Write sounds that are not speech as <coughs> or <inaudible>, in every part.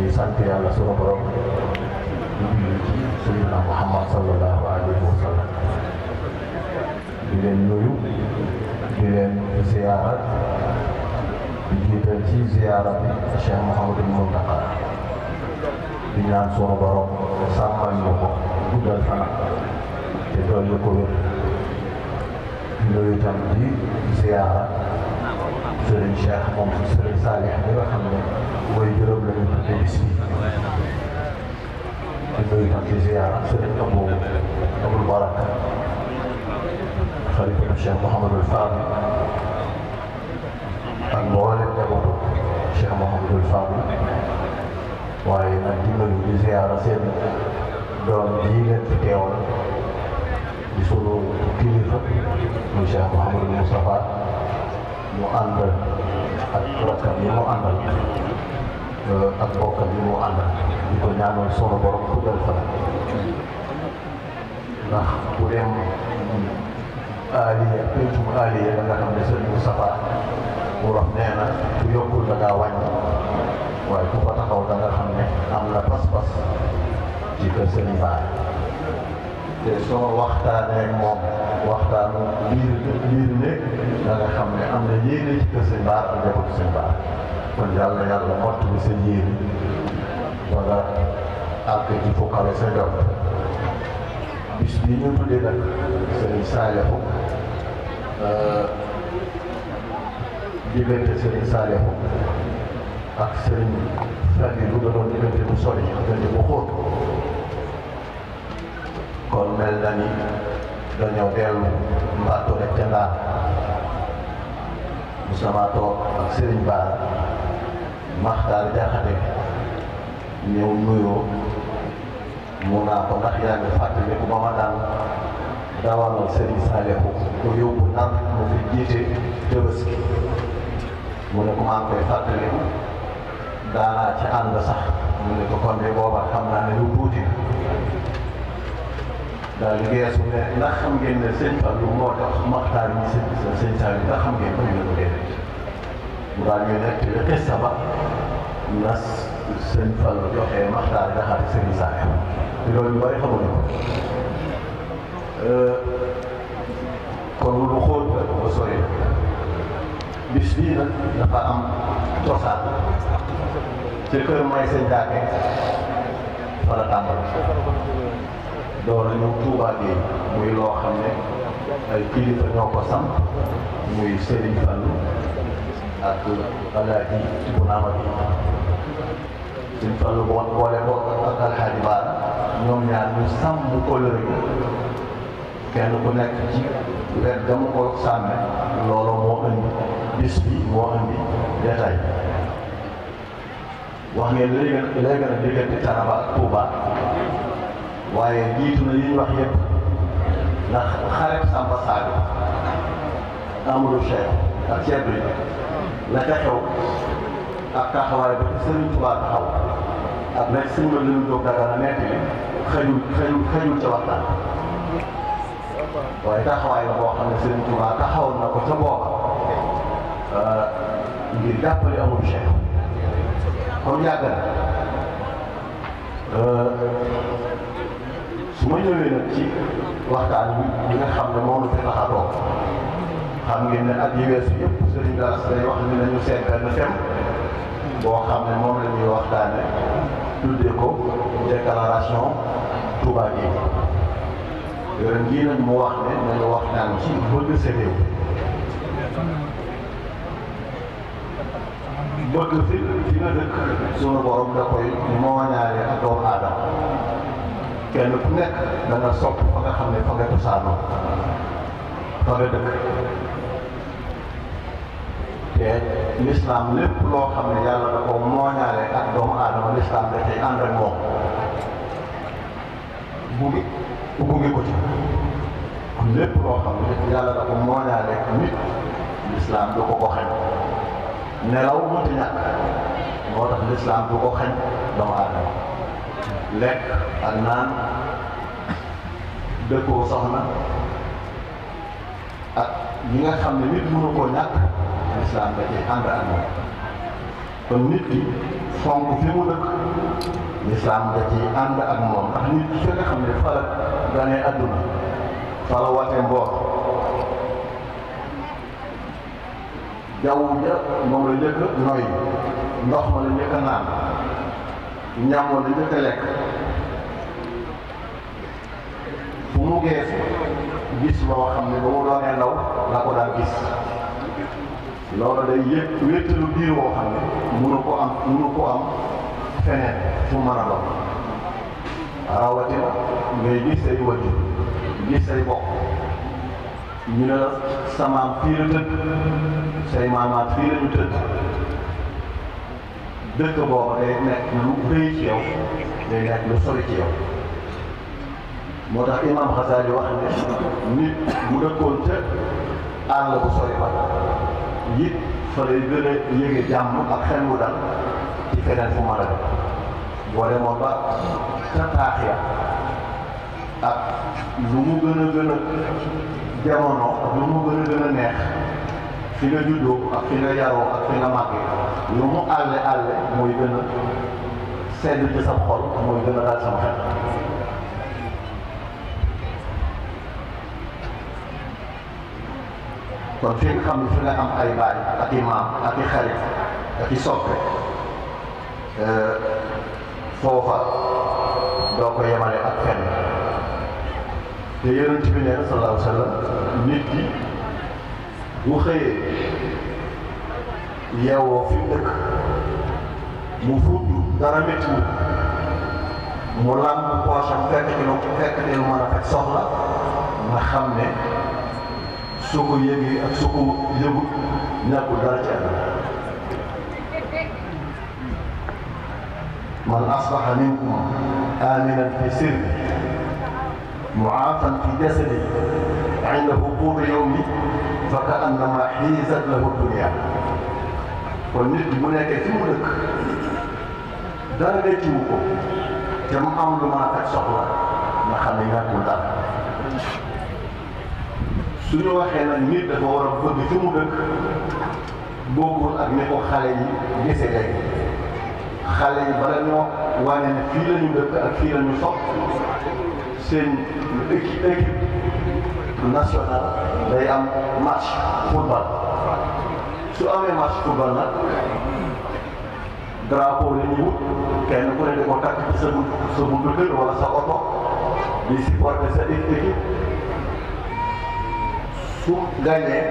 di sant yàlla sunu borom di nuyu ci Seydina Muhammad sallallahu alayhi wa sallam di leen nuyu di leen ziyaara di jiital ci ziyaara bi Cheikh Mouhamadul Mountakha di ñaan sunu borom sàmmal ñu ko te doon ñu ko tam di ziyaara. Serigne Cheikh moom Serigne Salih mi nga xam ne mooy juróom la ñu tuddee bis bi di nuyu tam di ziar Serigne Abou Abou Barak xalifa Cheikh Mouhamadul Fadl ak mboolem njabootu Cheikh Mouhamadul Fadl waaye nag di nuyu di ziar seen doom ji leen fi teewal di sunu kilifa muy Cheikh Mouhamadul Moustapha mu àndal ak rakkam yi mu àndal eh, ak bokkam yi mu àndal di ko ñaanal sunu borom ku dal fa ndax bu dem aaliya pencum aaliya la nga xam ne sëñ Moustapha mu wax nee na ku yokkul da ngaa wàññi waaye ku fa taxaw da nga xam ne am na pas-pas ci kër sëñ Baay te soo waxtaanee moom waxtaanu biir biir ne da nga xam ne am na yéene ci kër sëñ Bara ak njabootu sëñ Bara kon yàlla yàlla mott bi sa yéene wala àgg ci fu kawe sa jot bis bi ñu tuddee nag sëriñ Saalihu euh, diggante sëriñ ak sëriñ Faliilu da doon diggante bu sori kon mel na ni dañoo dellu mbaatu rek ca Moustapha toog ak Serigne Bara Makhtar Diakhaté ñëw nuyoo mu naa ko ndax yaa ngi fàttali ko ba ma daan dawalal yóbbu ndànk mu fi jiite Tabaski mu ne ko maa ngi koy fàttali daanaa ci ànd sax mu ne ko kon booba xam naa ne lu tuuti. daal di geesu ne ndax xam ngeen ne sëñ Fallou moo tax maxtaar yi sëñ sëñ saa yi ndax xam ngeen ko ñu ne ko déedéet mu daal ñu nekk le xista ba nas sëñ Fallou joxee maxtaar daxaar sëñ saa yi te loolu ñu bëri xamuñu ko euh, kon lu xóot la ko sori bis bii nag dafa am cosaan ci kër mooy sëñ Daake fa la tàmbali door a ñëw Touba bi muy loo xam ne ay kilifa ñoo ko samp muy Serigne Fall ak Alaaji bu naama bi Serigne Fall boo boole ko ak Alaaji Baar ñoom ñaar ñu sàmm kóllëre yi kenn ku nekk ci wet dama ko sàmme loolu moo indi bis bi moo indi détail wax ngeen léegi léegi nag diggante Taraba ak Touba waaye jiitu na li ñu wax yëpp ndax xarit Samba Sadio ceeb bi la ca xew ak taxawaay ba Serigne Touba taxaw ak nag sëñ bi lu ñu doog dara la nekk ni xëyul xëyul xëyul ca waxtaan waaye taxawaay la boo xam ne Serigne Touba taxawoon na ko ca booba euh, na. Euh, su ma ñëwee nag ci waxtaan bi nga xam ne moom la fi a toog xam ngeen ne at yi weesu yëpp sëriñ daas day nañu seet benn thème boo xam ne moom la ñuy waxtaane tuddee ko déclaration Touba gi ren jii mu wax ne nañu waxtaan ci bëgg sa réew bëgg fi fi nga dëkk suñu da koy mooñaale ak doomu aadama kenn ku nekk da nga sopp fa nga xam ne fa nga cosaanoo fa nga dëkk te lislaam lépp loo xam ne yàlla da ko mooñaale ak doomu aadama lislaam da cay ànd ak moom buggi buggi ko ci lépp loo xam ne yàlla da ko mooñaale ak nit lislaam du ko ko xañ nelaw mënti ñàkk moo tax lislaam du ko xañ doomu aadama lekk ak naan dëkkoo soxna ak ñi nga xam ne nit mënu koo ñàkk lislaam da ci ànd ak moom kon nit ki fonk fi mu dëkk lislaam da ci ànd ak moom ndax nit ki nga xam ne fa ganee àdduna fa mboor jaww ja moom la njëkk ndox ma la njëkk a naan ñam la njëkk lekk mu gees gis loo xam ne ba mu doonee ndaw la ko daan gis loolu day yëpp wéttalu biir woo xam ne mënu ko am mënu ko am feneen fu mën a doon rawatina ngay gis say wajur gis say bokk ñu ne sa maam fii la say maamaat fii la ñu tëdd dëkk boobu day nekk lu rëy ci yow day nekk lu sori ci moo tax imaam Xasaali wax ne nit bu dëkkoon ca àll bu sori ba it fa lay gën a yëge jàmm xel wu dal ci feneen fu mën a dem boo demoon ba ca taax ya lu mu gën a gën lu mu gën a neex fi nga juddoo ak fi nga yaroo ak fi nga màggee lu mu àlle àlle mooy gën a sedd ci sa xol mooy gën a dal kon fi nga xam fi nga ay baay ak i maam ak i xarit ak i soppe euh, foofa doo yemale ak fenn te yonent bi nee na sallallahu nit ki bu xëyee yeewoo fi mu dëkk mu fudd dara méttiwul mu làmb poosam fekk ci lu fekk ci lu mën a fekk soxla xam ne soo ko yëgee ak soo ko yëgut ñàkkul dara ci àdduna man asbaha minkum aminan fi sirri muaafan fi jasadi indahu quutu yawmi fa ka annama xiizat lahu dunia kon nit bi bu nekkee fi mu dëkk dara rëccu ko te mu am lu mën a faj soxla nga xam ne ñàkkul dara su ñu waxee nag nit dafa war a bëgg fi mu dëkk bokkul ak ni ko xale yi gisee tey xale yi bala ñoo wane ne fii la ñu dëkk ak fii la ñu sopp seen équipe équipe nationale am match football su amee match football nag drapeau la ñuy wut kenn ku ne di ko takk ci wala sa oto di supporter sa équipe. su gañee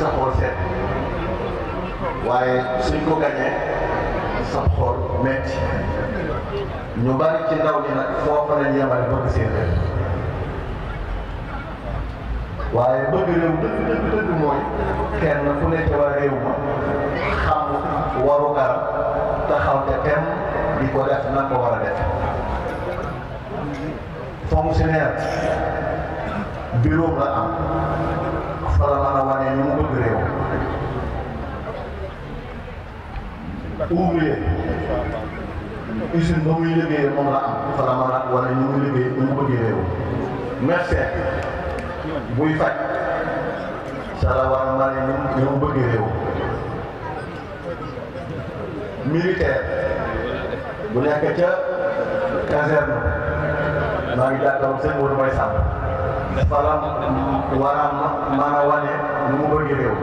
sa xool seet waaye suñ ko gañee sa xool metti ñu bari ci ndaw ñi nag foofa lañ yemale bëgg seen réew waaye bëgg réew dëgg mooy kenn ku ne ci waa réew ma xam waru garam taxaw te tem di ko def na ko war a def fonctionnaire bureau la am wala maanaam wane ñu mu bëgg réew ouvrier mu liggéey ñu mu bëgg réew médecin buy faj sa la war a ñu mu bëgg réew militaire bu nekk ca caserne maa ngi jàkkaarloo seen wóor mooy sàmm salam waraam mën a wane nu mu bëgg réew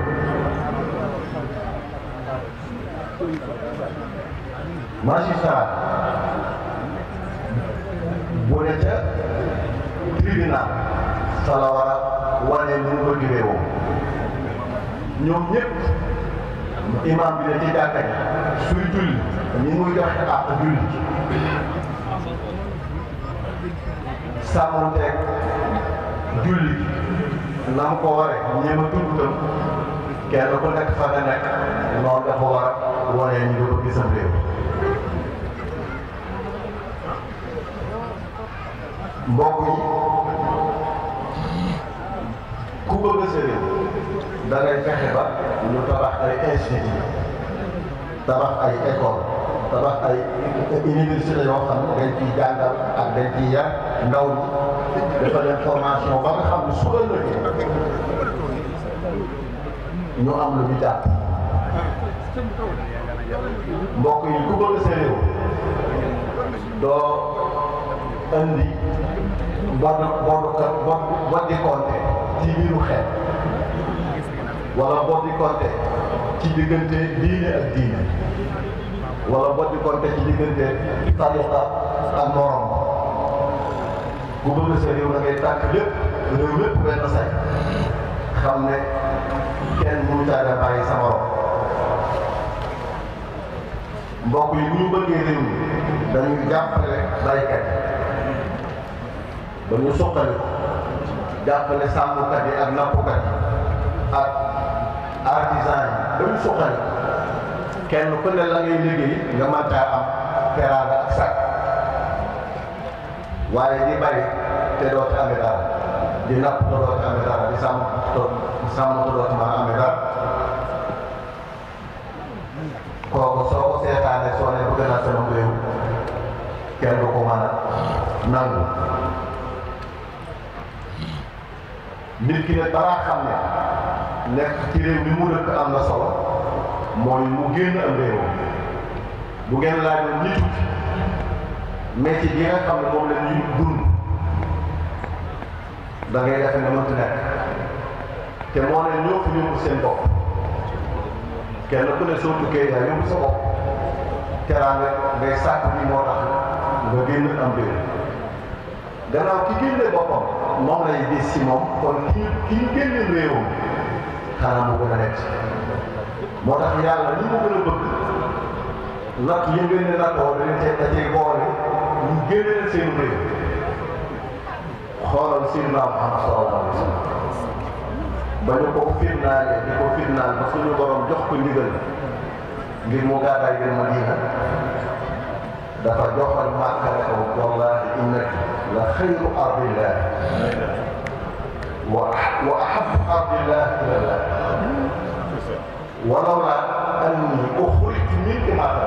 Macky Sall bu ne ca tribunal sala ñoom ñëpp imam bi ne ci jàkka ji suy julli ni muy joxe ak julli nam ko waree ñeema tudd tam kenn ku nekk fa nga nekk noonu dafa war a waree ñu ko gisam réew mbokk yi ku bëgg sa réew da fexe ba ñu tabax ay institut tabax ay école yoo xam ne dañ ciy ak dañ ciy yar ndaw ñi dafa leen formation ba nga xam ne su ëllëgee ñu am lu ñu jàpp mbokk yi ku bëgg sa doo andi bon bon bon bon di compter ci ci diggante diine ak diine wala bon di compter ci diggante ak morom. bu bëgg a seen yow da ngay tàkk lépp réew lépp benn say xam ne kenn mënu caaga bàyyi sa morom mbokk yi bu ñu bëggee réew mi dañuy jàppale baykat yi ba jàppale sàmmkat yi ak nappkat ak artisan yi ba ñu kenn ku la ngay liggéey nga mën caa am teraanga ak sàkk waaye di bari te doo ci amee dara di napp te amee dara di sàmm sàmm te a amee dara kooku soo seetaanee soo ne bëgg naa sama réew kenn du ko mën a nangu nit ki xam ne nekk ci réew mi mu dëkk am na solo mooy mu génn am réew bu ngeen laaj nit ñi tuuti métier bi nga xam ne da ngay def nga mënti nekk te moo ne ñoo fi yóbbu kenn ku ne soo tukkee yaa yóbbu sa bopp nga génn am réew gannaaw ki génne boppam moom lay gis si moom kon ki ki génne réewam xanaa mu gën a nekk moo tax yàlla li mu gën a bëgg natt yi ne nattoo da leen xoolal Seydina Muhammad sallallahu alayhi wa sallam ba ñu ko firndaalee di ko firndaal ba suñu borom jox ko ndigal ngir mu gàddaay ngir Madina dafa joxal Màkka ne ko wallaahi innaka la xayru ardillah wa wa ahabbu ardillah ilallah walawla anni uxrijtu min imrati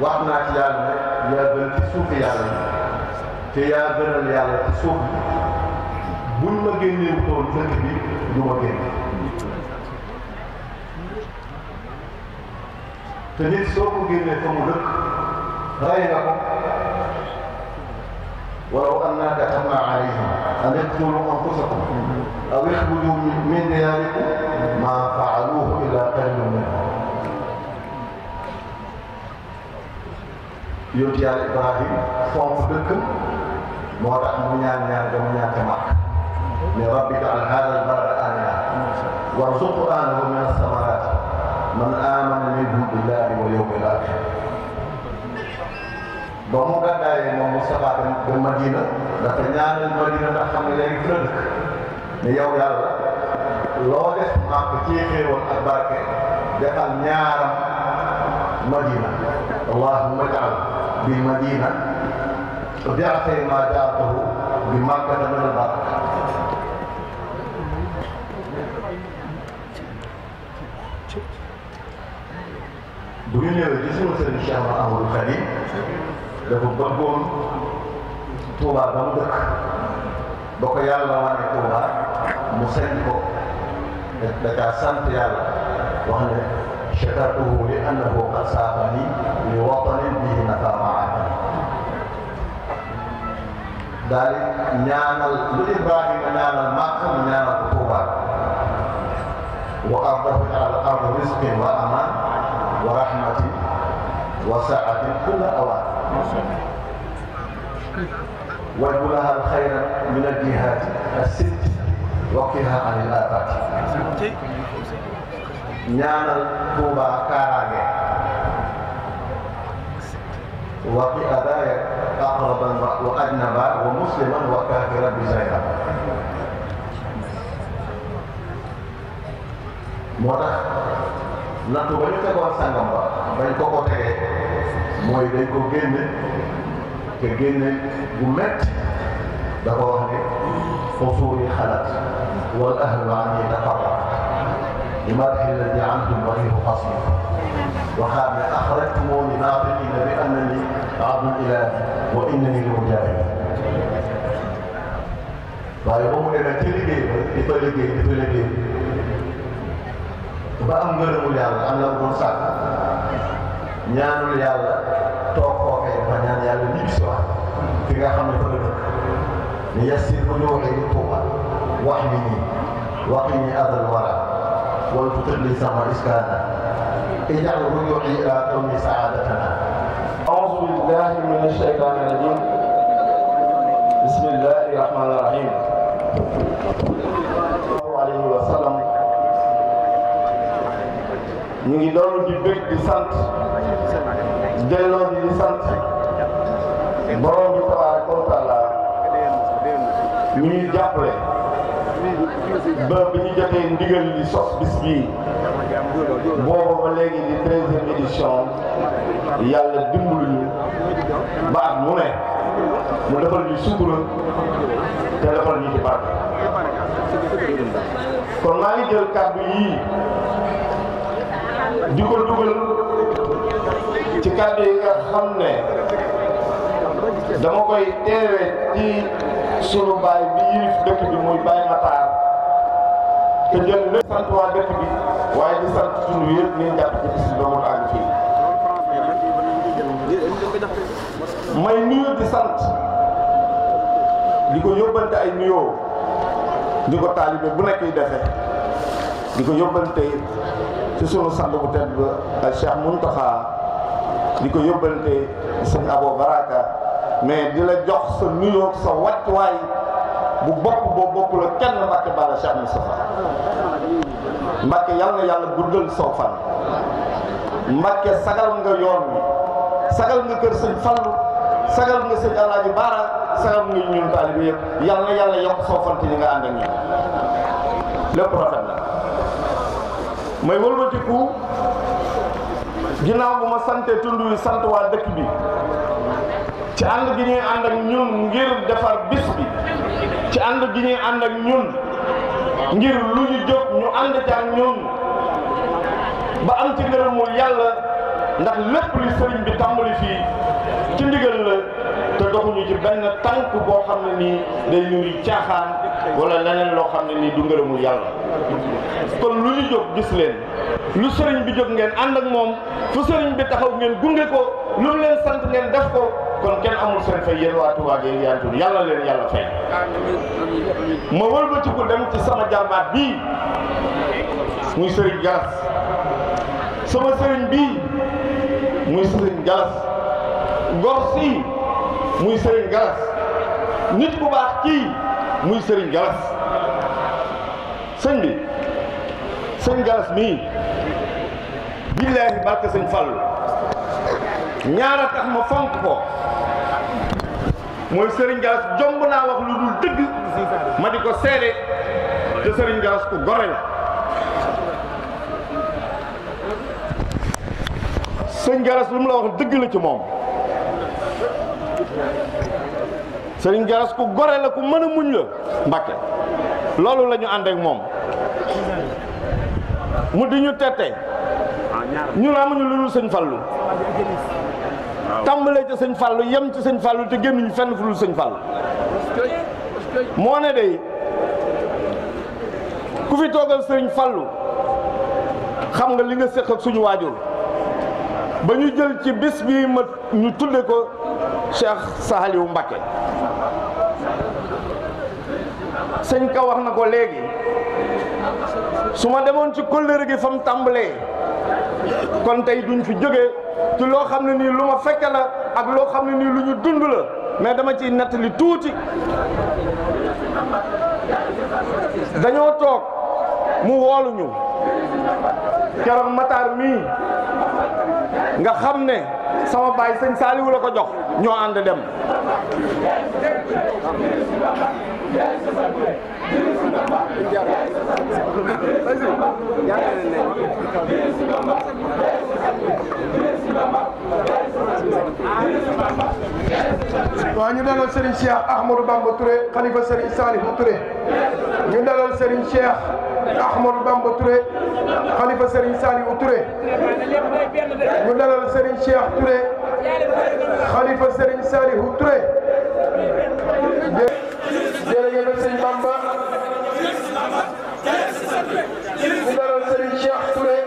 wax naa ci yàlla ne yaa gën ci suufi yàlla te yaa gënal yàlla ci suuf buñ ma génnee toon dëkk bi du ma génne te nit soo ko génnee fa mu dëkk rey nga ko walaw annaa katabnaa alayhim an iqtuluu anfusakum aw ixrujuu min diyaarikum maa faaluuhu illaa qaliilun minhum yonent yàlla Ibrahim fonk dëkkam moo tax mu ñaan ñaan ba mu ñàkk màkk ne rabbi jaal haada al balada aamina warzuq ahlahu min as-samaraat man aamana minhum billahi wal yawmil aaxir ba mu gàddaayee moom Moustapha ba Madina dafa ñaanal Madina ndax xam ne léegi fi la dëkk ne yow yàlla loo def màkk ci xéewal ak barke defal ñaaram Madina allahumma jaal bi Madina بعثي ما جاءته بمكة من البركة bu ñu ñëwee ci suñu sëriñ Cheikh Amadou Khali dafa bëggoon Touba ba mu dëkk ba ko yàlla wane Touba mu sañ ko da kaa sant yàlla wax ne shakartuhu li annahu qad saafani li watanin bihi nafaam daal di ñaanal lu Ibrahima ñaanal Makka mu ñaanal ko Tuuba wa ardahu ala ardi rizqin wa aman wa rahmatin wa saatin kulla awaan wajbu laha alxayra min aljihaati assitti wakiha an il aafaati ñaanal Tuuba kaaraange waqi adaaya وعربا وأجنبا ومسلما وكافرا بزيدا moo tax nattu ba ñu tegoon sangam ba bañ ko ko tegee mooy dañ ko génne te génne bu métti da ko wax ne xusuur yi xalaat wal ahlu an yi tafarraq limadhi alladi anhum wahibu xasim waxaat ne axrajtumuni naafiqina bi annani abdul ilahi wa innani li mujaahid waaye ba mu ne nag ca liggéey ba ba am ngërëmul yàlla am la mu doon sàkk ñaanul yàlla toog foofee dafa ñaan yàlla ñibbi si waat fi xam ne fa la dëkk ni yassir bu ñu waxee ni tuuba wax adal wara wala fu tëdd sama iskaana ijaal bu ñu waxee ilaa kawni بالله من الشيطان الرجيم بسم الله الرحمن الرحيم الله عليه وسلم ñu ngi doon di bëgg di sant delloo di di sant borom bi tabaaraka wa taala ñu ngi jàppale ba bi ñu jotee ndigal li sos bis booba ba léegi di treizième édition yàlla dimbalu ñu ba at mu ne mu defal te defal ñu ci barke kon maa ngi jël kàddu yii di ko dugal ci kàddu yi nga xam ne dama koy teewee ci sunu baay bi yilif dëkk bi muy Baay Mataar te jot na sant waa dëkk bi waaye di sant suñu yëpp ñu jàpp ci bis doomu aadama fii may nuyu di sant di ko yóbbante ay nuyoo di ko taalibe bu nekk yi defee di ko yóbbante ci sunu sant bu tedd ba ak Cheikh Mountakha di ko yóbbante sëñ Abo Baraka mais di la jox sa nuyoo sa wàccuwaay bu bokk boo bokkul ak kenn Mbacke Balla Cheikh Moustapha Mbacke yal na yàlla guddal soo fan Mbacke sagal nga yoon wi sagal nga kër sëñ Fallou sagal nga sëñ Alaaji Baara sagal nga ñun taalibe yëpp yal na yàlla yokk soo fan ñi nga ànd ak ñun lépp rafet na may wëlbatiku ginnaaw bu ma sante tund wi sant waa dëkk bi ci ànd gi ñuy ànd ak ñun ngir defar bis ci ànd gi ñuy ànd ak ñun ngir lu ñu jóg ñu ànd ci ak ñun ba am ci ngërëmul yàlla ndax lépp li sëriñ bi tàmbali fii ci ndigal la. te doxuñu ci benn tànk boo xam ne nii day ñuri caaxaan wala leneen loo xam ne nii du ngërëmul yàlla kon lu ñu jóg gis leen lu sëriñ bi jóg ngeen àndak moom fu sëriñ bi taxaw ngeen gunge ko lu mu leen sant ngeen def ko kon kenn amul seen fay yéen waa Touba Gueye Yanthoul yàlla leen yàlla fay ma wëlbatiku dem ci sama jàmbaat bii muy sëriñ Galas sama sëriñ bii muy sëriñ Galas gor si muy Serigne Galas nit bu baax kii muy Serigne Galas sëñ bi sëñ Galas mii billaahi barke sëñ Fallu ñaara tax ma fonk ko mooy Serigne Galas jomb naa wax lu dul dëgg ma di ko seede te Serigne Galas ku gore la sëñ Galas lu mu la wax dëgg la ci moom Serigne Gallas ku gore la ku mën a muñ la Mbàkke loolu lañu ñu ànd ak moom mu di ñu tette ñu la amuñu lu dul sëñ Fallu tàmbalee ci sëñ Fallu yem ci sëñ Fallu te génnuñu fenn fu dul sëñ Fallu moo ne day ku fi toogal sëriñ Fallu xam nga li nga séq ak suñu waajur ba ñu jël ci bis bii ma ñu tudde ko Cheikh Saliou Mbacké sëñ ka wax na ko léegi su ma demoon ci kóllëre gi fa mu tàmbalee kon tey duñ fi jóge ci loo xam ne nii lu ma fekke la ak loo xam ne nii lu ñu dund la mais dama ciy nettali tuuti dañoo toog mu wooluñu keroog mataar mii nga xam ne sama baay sëñ Saaliwu la ko jox ñoo ànd dem waaw ñu dalal Serigne Cheikh Ahmadou Bamba Touré xalifa Serigne Saliou Touré ñu dalal Serigne Cheikh Ahmad Bamba Touré xalifa Serigne Saliou Touré ñu dalal Serigne Cheikh Touré xalifa Serigne Saliou Touré jërëjëf Serigne Bamba ñu dalal Serigne Cheikh Touré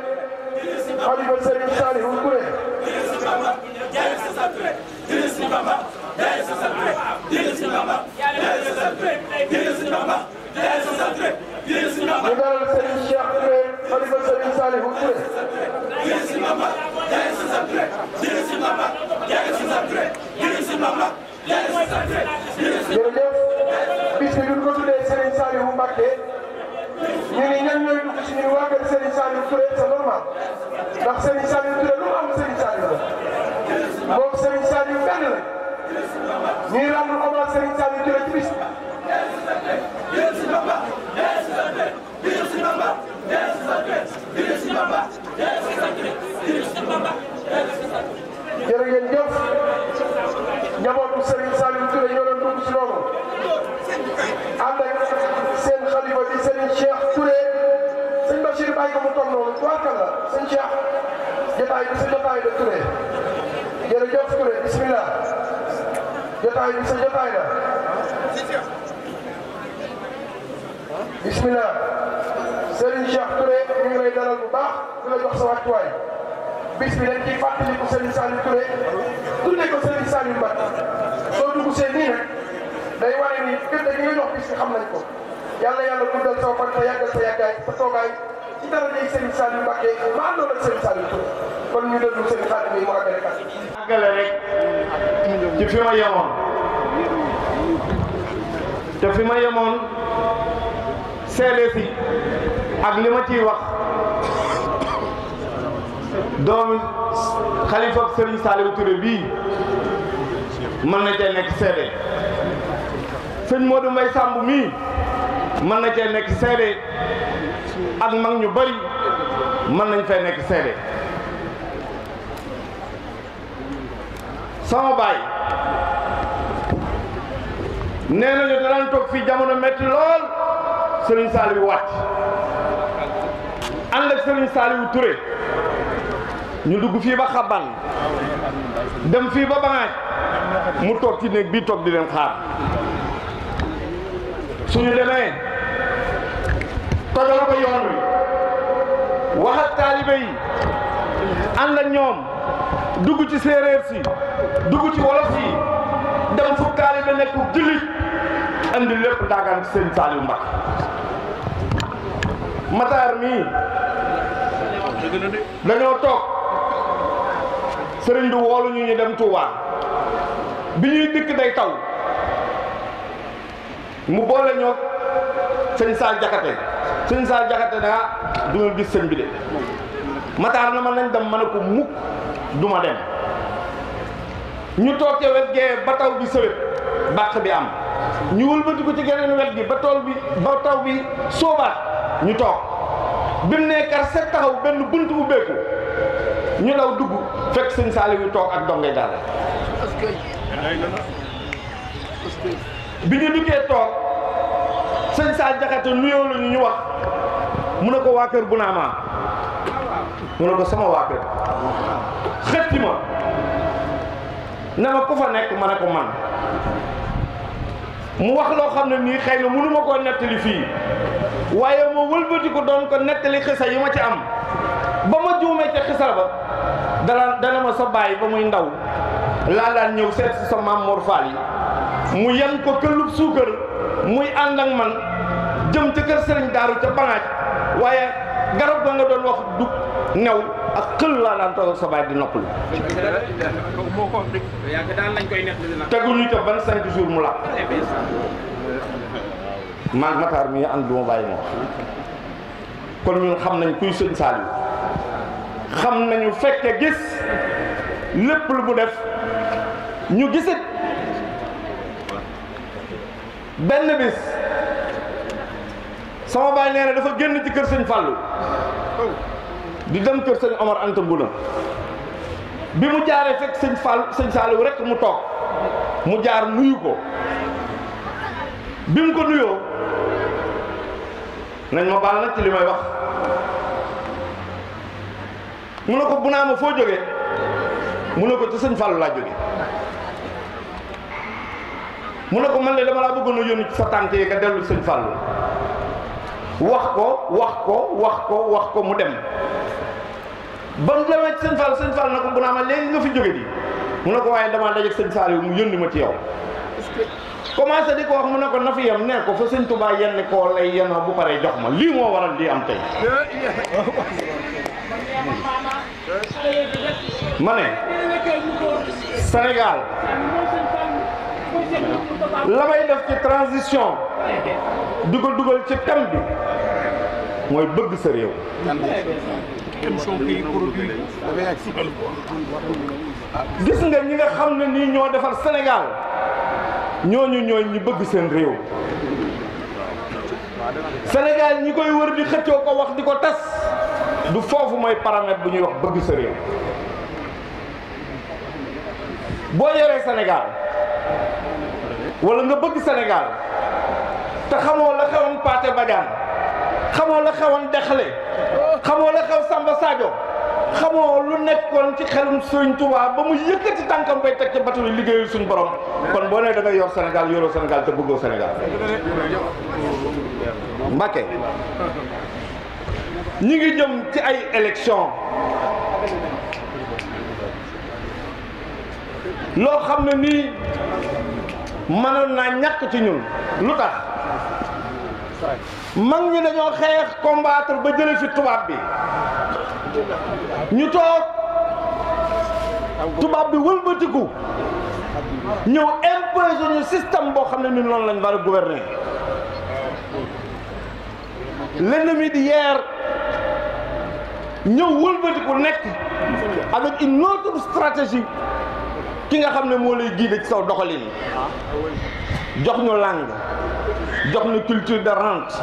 xalifa Serigne Saliou Touré jërëjëf Serigne Bamba ñu dalal Serigne Cheikh Touré xalifa Serigne Salihou Touré. jërëjëf si Bamba jërëjëf si sa Touré jërëjëf si Bamba jërëjëf si sa Touré jërëjëf si Bamba waa kër Serigne Salihou Touré c'est normal ndax Serigne Salihou Touré lu mu am Serigne Salihou la moom Serigne Salihou benn la ñuy rendre hommage Serigne Salihou Touré ci bis. Yes, yes, yes, yes, yes, yes, yes, yes, yes, jërë ngeen jëf njabootu Serigne Saliou Touré ñoo doon dugg si loolu ànd ak seen xalifa bi Serigne Cheikh Touré sëñ mu toog noonu tubaarkalla sëñ Cheikh jotaay bi sa jotaay la Touré jërëjëf Touré bismillah jotaay bismillah Serigne Cheikh Touré ñu ngi lay dalal bu baax di la jox sa wàccuwaay bis bi dañ ciy fàttali ko Serigne Saliou Touré tuddee ko Serigne soo dugg seen nii nag day wane ni gerte gi nga jox bis xam nañ ko yàlla yàlla guddal sa fan sa yàggal sa yàggaay sa toogaay ci dara day Serigne Saliou Mbacké ma àndoon ak kon ñu déglu Serigne Saliou bi mu àggale kat. àggale rek ci fi ma yemoon te fi ak li ma ciy wax doomi xalifa ak Serigne Saliou bii mën na cee nekk seede sëñ Modou Mbaye Samb mii mën na cee nekk seede ak mag ñu bari mën nañ fee nekk seede sama baay nee nañu danañ toog fii jamono metti lool Serigne Saliou wàcc ànd ak Serigne Saliou Touré ñu dugg fii ba xaban dem fii ba bangaaj mu toog ci néeg bii toog di leen xaar suñu demee tojal ko yoon wi wax yi ànd ak ñoom dugg ci séeréer si dugg ci wolof si dem fu taalibe nekku jullit andi lépp daagaan ci Serigne Saliou Mbacké mii dañoo toog sëriñ bi woolu ñu ñu dem Touba bi ñuy dikk day taw mu boole ñoo sëñ Saal Jaxate sëñ Saal Jaxate daa du nga gis sëñ bi de mataar na ma nañ dem ma ne ko mukk du ma dem ñu toog ca wet gee ba taw bi sëwét bàq bi am ñu wëlbati ko ci geneen wet gi ba tool bi ba taw bi soobaat ñu toog bi mu nee kar set taxaw benn bunt bu ubbeeku ñu law dugg fekk sëñ Saaliwu toog ak donge daara bi ñu duggee toog sëñ Saal Jaxate nuyoo la ñu wax mu ne ko waa kër bu naa maa mu ne ko sama waa kër xëtti ma ne ma ku fa nekk ma ne ko man mu wax loo xam ne nii xëy na mënu ma koo nettali fii waaye ma wëlbatiku doon ko nettali xisa yi ma ci am ba ma juumee ca xisa ba dana dana ma sa bàyyi ba muy ndaw laa daan ñëw seet si sa maam Mor mu yan ko këllub suukar muy ànd man jëm ca kër sëriñ daaru ca banaaj waaye garab ba nga doon wax du new ak xël laa daan toog ak sa baay di noppal teguñu ca ban cinq jours mu làkk man Matar mi am du ma bàyyi ma kon ñun xam nañ kuy sëñ Saliou xam nañu fekke gis lépp lu mu def ñu gisit benn bis sama baay nee na dafa génn ci kër sëñ Fallou di dem kër sëñ Omar Anta Nguna bi mu jaaree fekk sëñ Fall sëñ Saliou rek mu toog mu jaar nuyu ko bi mu ko nuyoo nañ ma baal nag ci li may wax mu ne ko bu naa foo jógee mu ne ko ci sëñ Fallou laa jóge mu ne ko man ne dama laa bëggoon a yónni ci sa tànk yi nga dellu sëñ Fallou wax ko wax ko wax ko wax ko mu dem ba mu demee ci sëñ Fall sëñ na ko bu naa ma léegi nga fi jóge di mu ne ko waaye damaa dajeeg sëñ Fall yi mu yónni ma ci yow commencé di ko wax mu ne ko na fi yam ne ko fa sëñ Touba yenn koo lay yenoo bu paree jox ma lii moo waral di am tey ma ne Sénégal lamay may def ci transition di ko dugal ci thème bi mooy bëgg sa réew. gis nga ñi nga xam ne nii ñoo defar Sénégal ñooñu ñooñ ñi bëgg seen réew Sénégal ñi koy wër di xëccoo ko wax di ko tas du foofu mooy paramètre bu ñuy wax bëgg sa réew boo yoree Sénégal. wala nga bëgg Sénégal te xamoo la xewoon Pathé Badiane xamoo la xewoon Dexle xamoo la xew Samba Sadio xamoo lu nekkoon ci xelum suñ Tuubaa ba mu yëkkati tànkam bay teg ci liggéeyul suñu borom kon boo nee da yor Sénégal yoroo Sénégal te bëggoo Sénégal Mbacké ñi ngi jëm ci ay élection loo xam ne nii mënoon naa ñàkk ci ñun lu tax mag ñi dañoo xeex combattre ba jële fi tubaab bi ñu toog tubaab bi wëlbatiku ñëw imposé ñu système boo xam ne ñun noonu lañ war a gouverner l'ennemi d'hier ñëw wëlbatiku nekk avec une autre stratégie ki nga xam ne moo lay guider ci saw doxalin jox ñu langue jox ñu culture de rente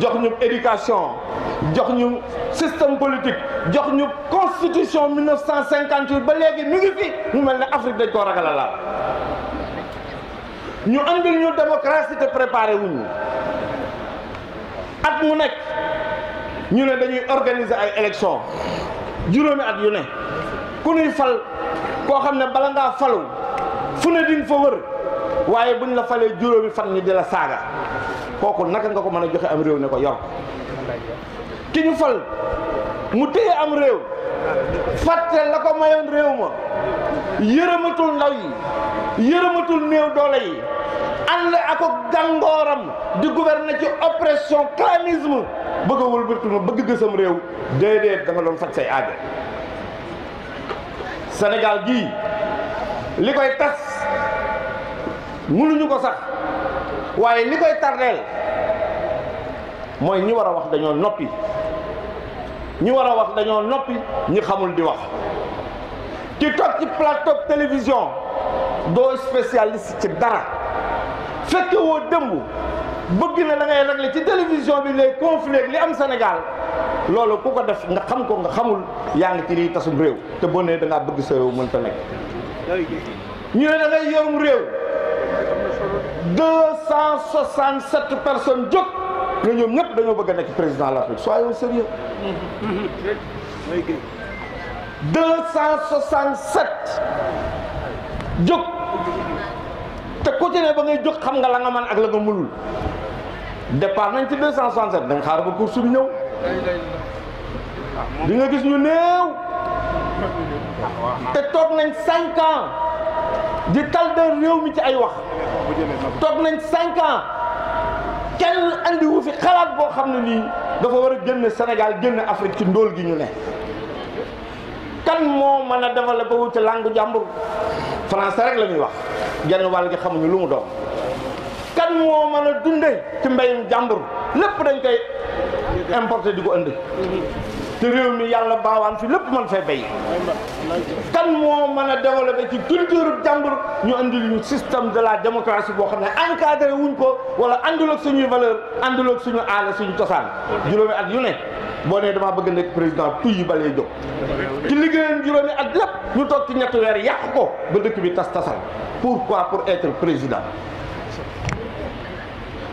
jox ñu éducation jox ñu système politique jox ñu constitution ba léegi mi ngi fi mu mel ne Afrique dañ koo ragal a laal ñu andil ñu démocratie te préparé wuñu at mu nekk ñu ne dañuy organiser ay élection juróomi at yu ne ku nuy fal koo xam ne bala ngaa falu fu ne dinga fa wër waaye buñ la falee juróomi fan ñi di la saaga kooku naka nga ko mën a joxe am réew ne ko yor ki ñu fal mu téye am réew fàtte la ko mayoon réew ma yërëmatul ndaw yi yërëmatul néew doole yi ànd ak gàngooram di gouverner ci oppression clanisme bëgg a wëlbatu ma bëgg gësam réew déedéet da nga doon faj say aajo Sénégal gii li koy tas mënuñu ko sax waaye li koy tardeel mooy ñi war a wax dañoo noppi ñi war a wax dañoo noppi ñi xamul di wax ki toog ci plateau télévision doo spécialiste ci dara fekke woo dëmb bëgg na da ngay ci télévision bi les conflits li am Sénégal loolu ku ko def nga xam ko nga xamul yaa ngi ci lii tasum réew te boo nee da ngaa bëgg sa réew mën ta nekk ñu ne da ngay réew deux cent soixante sept personnes jóg ñoom ñëpp dañoo bëgg a nekk président la République soyons sérieux deux cent soixante sept jóg te ku ci ne ba ngay jóg xam nga la nga mën ak la nga mënul départ nañ ci deux cent soixante sept dañ xaar ba course bi ñëw di nga gis ñu néew te toog nañ cinq ans di taldal réew mi ci ay wax toog nañ cinq ans kenn andi fi xalaat boo xam ne nii dafa war a génn senegal génn Afrique ci ndóol gi ñu ne kan moo mën a développé wu ci langue jàmbur français rek la ñuy wax genn wàll gi xamuñu lu mu doom kan moo mën a dunde ci mbéyum jàmbur lépp dañ koy importe di ko indi te réew mi yàlla baawaan fi lépp mën fay bay kan moo mën a développé ci culture jàmbur ñu indi ñu système de la démocratie boo xam ne encadré wuñ ko wala àndul suñuy valeur àndul suñu aada suñu cosaan juróomi at yu ne boo nee damaa bëgg nekk président tuy yi balee jóg ci liggéeyam juróomi at lépp ñu toog ci ñetti weer yàq ko ba dëkk bi tas tasal pourquoi pour être président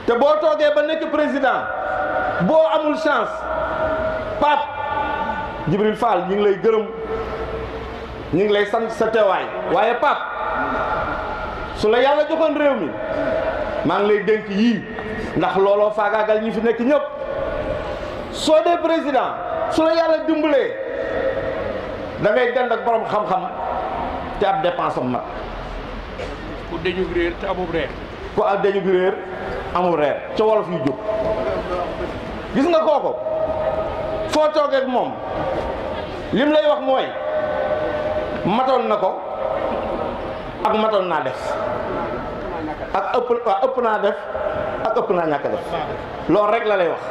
te boo toogee ba nekk président boo amul chance Pape Djibril Fall ñu ngi lay gërëm ñu ngi lay sant sa teewaay waaye Pape su la yàlla joxoon réew mi maa ngi lay dénk yii ndax looloo faagaagal ñi fi nekk ñëpp soo dee président su la yàlla dimbalee dangay ngay ak borom xam-xam te ab dépense am nag. ku dañu réer te amul réer. ku dañu réer. amul reer ca wolof yu jóg gis nga kooko foo toogee moom lim lay wax mooy matoon na ko ak matoon naa def ak ëpp waa ëpp naa def ak ëpp naa ñàkk def loolu rek la lay wax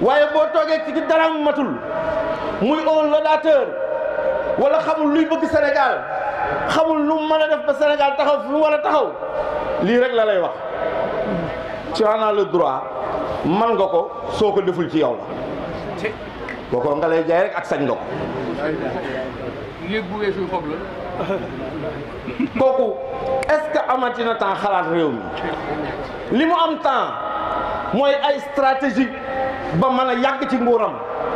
waaye boo toogee ci daraam matul muy un laudateur walla xamul luy bëgg Sénégal xamul lu mën a def ba Sénégal taxaw fi mu taxaw lii rek la lay wax tu en as le droit man nga ko soo ko deful ci yow la boo ko jaay ak sañ nga ko yéeg bu kooku est-ce que amati na temps xalaat réew mi li mu am temps mooy ay stratégie ba mën a yàgg ci nguuram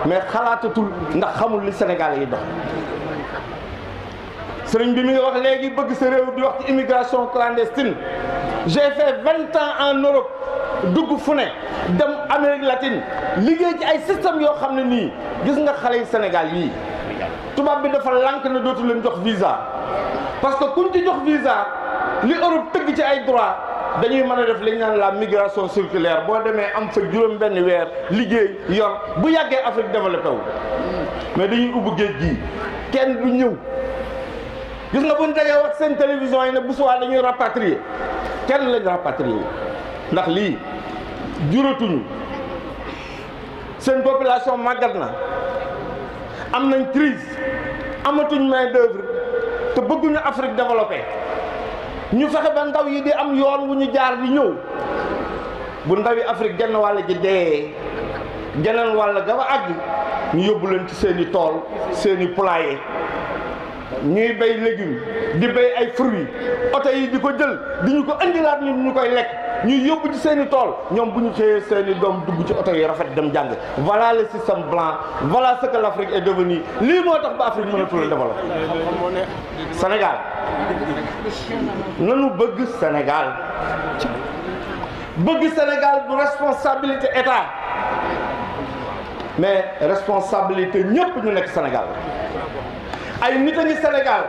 mais xalaatatul ndax xamul li Sénégal yi dox sëriñ bi mi ngi wax léegi bëgg sa réew di wax ci immigration clandestine j'ai fait vingt ans en dugg fu ne dem Amérique latin liggéey ci ay système yoo xam ne nii gis nga xale yi Sénégal yii tubaab bi dafa lànk na dootu leen jox visa parce que kuñ ci jox visa li Europe tëgg ci ay droit dañuy mën a def li ñu naan la migration circulaire boo demee am fa juróom benn weer liggéey yor bu yàggee Afrique développé wu mais dañuy ubbi géej gi kenn bu ñëw gis nga bu ñu dajee wax seen télévision yi ne bu suwaa dañuy rapatrier kenn lañ rapatrier ndax lii juratuñu seen population màggat na am nañ crise amatuñ main d'œuvre te bëgguñu Afrique développé ñu fexe ba ndaw yi di am yoon wu ñu jaar di ñëw bu ndawi Afrique genn wàll ji dee geneen wàll gaba àgg ñu yóbbu leen ci seeni tool seen i poulailler ñuy béy légumes di béy ay fruits oto yi di ko jël di ñu ko indilaat ñun ñu koy lekk ñuy yóbbu ci seen i tool ñoom bu ñu xëyee seeni doom dugg ci oto yi rafet dem jàng voilà le système blanc voilà ce que l' Afrique est devenue lii moo tax ba Afrique mënatul développé Sénégal nanu bëgg Sénégal bëgg Sénégal bu responsabilité état mais responsabilité ñëpp ñu nekk senegal ay nit a ngi Sénégal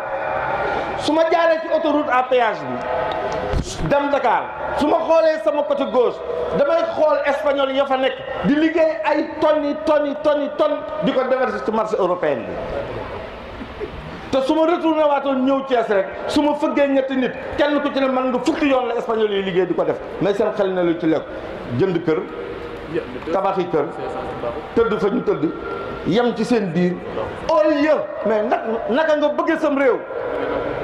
su ma jaaree ci autoroute à péage bi dem Dakar su ma xoolee sama côté gauche damay xool espagnol ya fa nekk di liggéey ay tonni tonni tonni tonne di ko déverser ci marché européen bi te su ma retourné waatoon ñëw Thiès rek su ma fëggee ñetti nit kenn ku ci ne man nga fukki yoon la espagnol yi liggéey di ko def mais seen xel na lu ci lekk jënd kër tabaxi kër tëdd fa ñu tëdd yem ci seen biir au lieu mais naka nga bëgg sam réew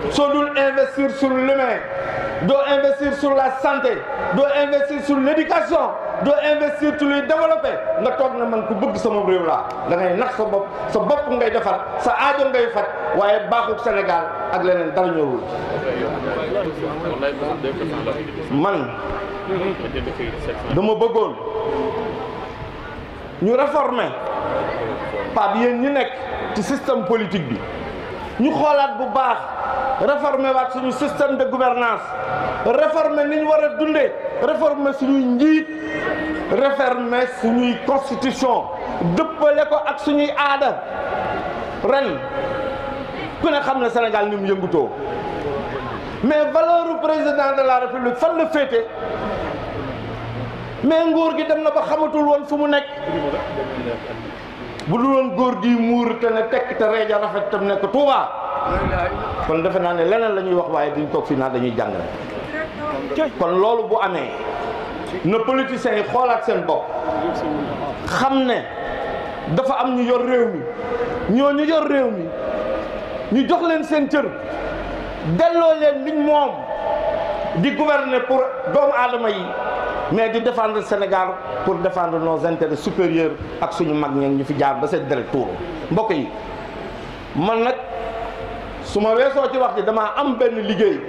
soo dul investir sur l'humain doo investir sur la santé doo investir sur l'éducation doo investir ci luy développé nga toog na man ku bëgg sama réew laa da ngay sa bopp sa bopp ngay defar sa aajo ngay faj waaye baaxul Sénégal ak leneen dara ñëwul man dama bëggoon ñu réformer Pape yéen ñi nekk ci système politique bi ñu xoolaat bu baax réformer waat suñu système de gouvernance réformer ni war a dundee réformer suñuy njiit réformer suñuy constitution dëppale ko ak suñuy aada ren ku ne xam ne Sénégal ni mu yëngutoo mais valeur président de la république fan la féete mais nguur gi dem na ba xamatul woon fu mu nekk bu dul loon góor gi muur te ne tekk te reeja rafet tam nekk Touba kon defe naa ne leneen la ñuy wax waaye duñ toog fii naa dañuy jàng rek kon loolu bu amee na politiciens yi xoolaat seen bopp xam ne dafa am ñu yor réew mi ñoo ñu yor réew mi ñu jox leen seen cër delloo leen liñ moom di gouverner pour doomu aadama yi mais di défendre senegal pour défendre noo intérêts supérieurs ak suñu mag ñeeg ñu fi jaar ba seen deret mbokk yi man nag su ma weesoo ci wax ji damaa am benn liggéey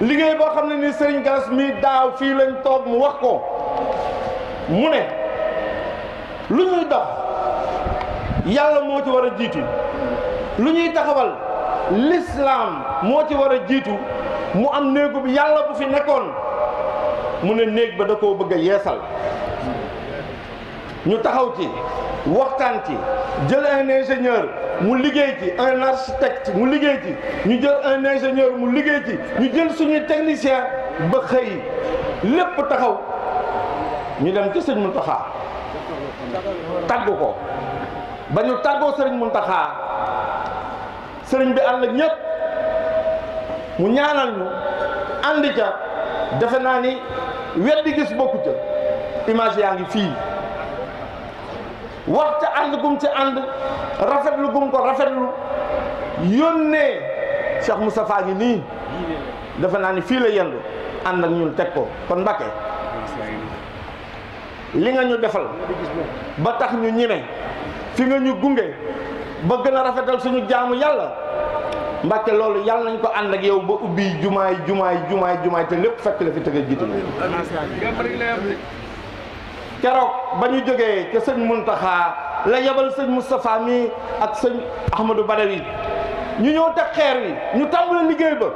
liggéey boo xam ne nii Serigne Gallas mii daaw fii lañ toog mu wax ko mu ne lu ñuy dox yàlla moo ci war a jiitu lu ñuy taxawal l'islam moo ci war a jiitu mu am néegu bi yàlla bu fi nekkoon mu ne néeg ba da ko bëgg a yeesal ñu taxaw ci waxtaan ci jël un ingénieur mu liggéey ci un architecte mu liggéey ci ñu jël un ingénieur mu liggéey ci ñu jël suñuy technicien ba xëy lépp taxaw ñu dem ci sëñ Muntaxa tàggu ko ba ñu tàggoo sëriñ Muntaxa sëriñ bi ànd ñëpp mu ñaanal ñu ànd ca defe naa ni weddi gis bokku ca image yaa ngi fii wax ca ànd gum ci ànd rafetlu gum ko rafet rafetlu yónnee Cheikh Moustapha ngi nii defe naa ni fii la yendu ànd ak ñun teg ko kon Mbacké li nga ñu defal ba tax ñu ñime fi nga ñu gunge ba gën a rafetal suñu jaamu yàlla mbàkke loolu yàlla nañ ko ànd ak yow ba ubbi jumaay jumaay jumaay jumaay te lépp fekk la fi tëgg jiitu keroog ba ñu jógee ca sëñ Muntaxa la yebal sëñ Moustapha mi ak sëñ Ahmadou Badawi ñu ñëw teg xeer wi ñu tàmbali liggéey ba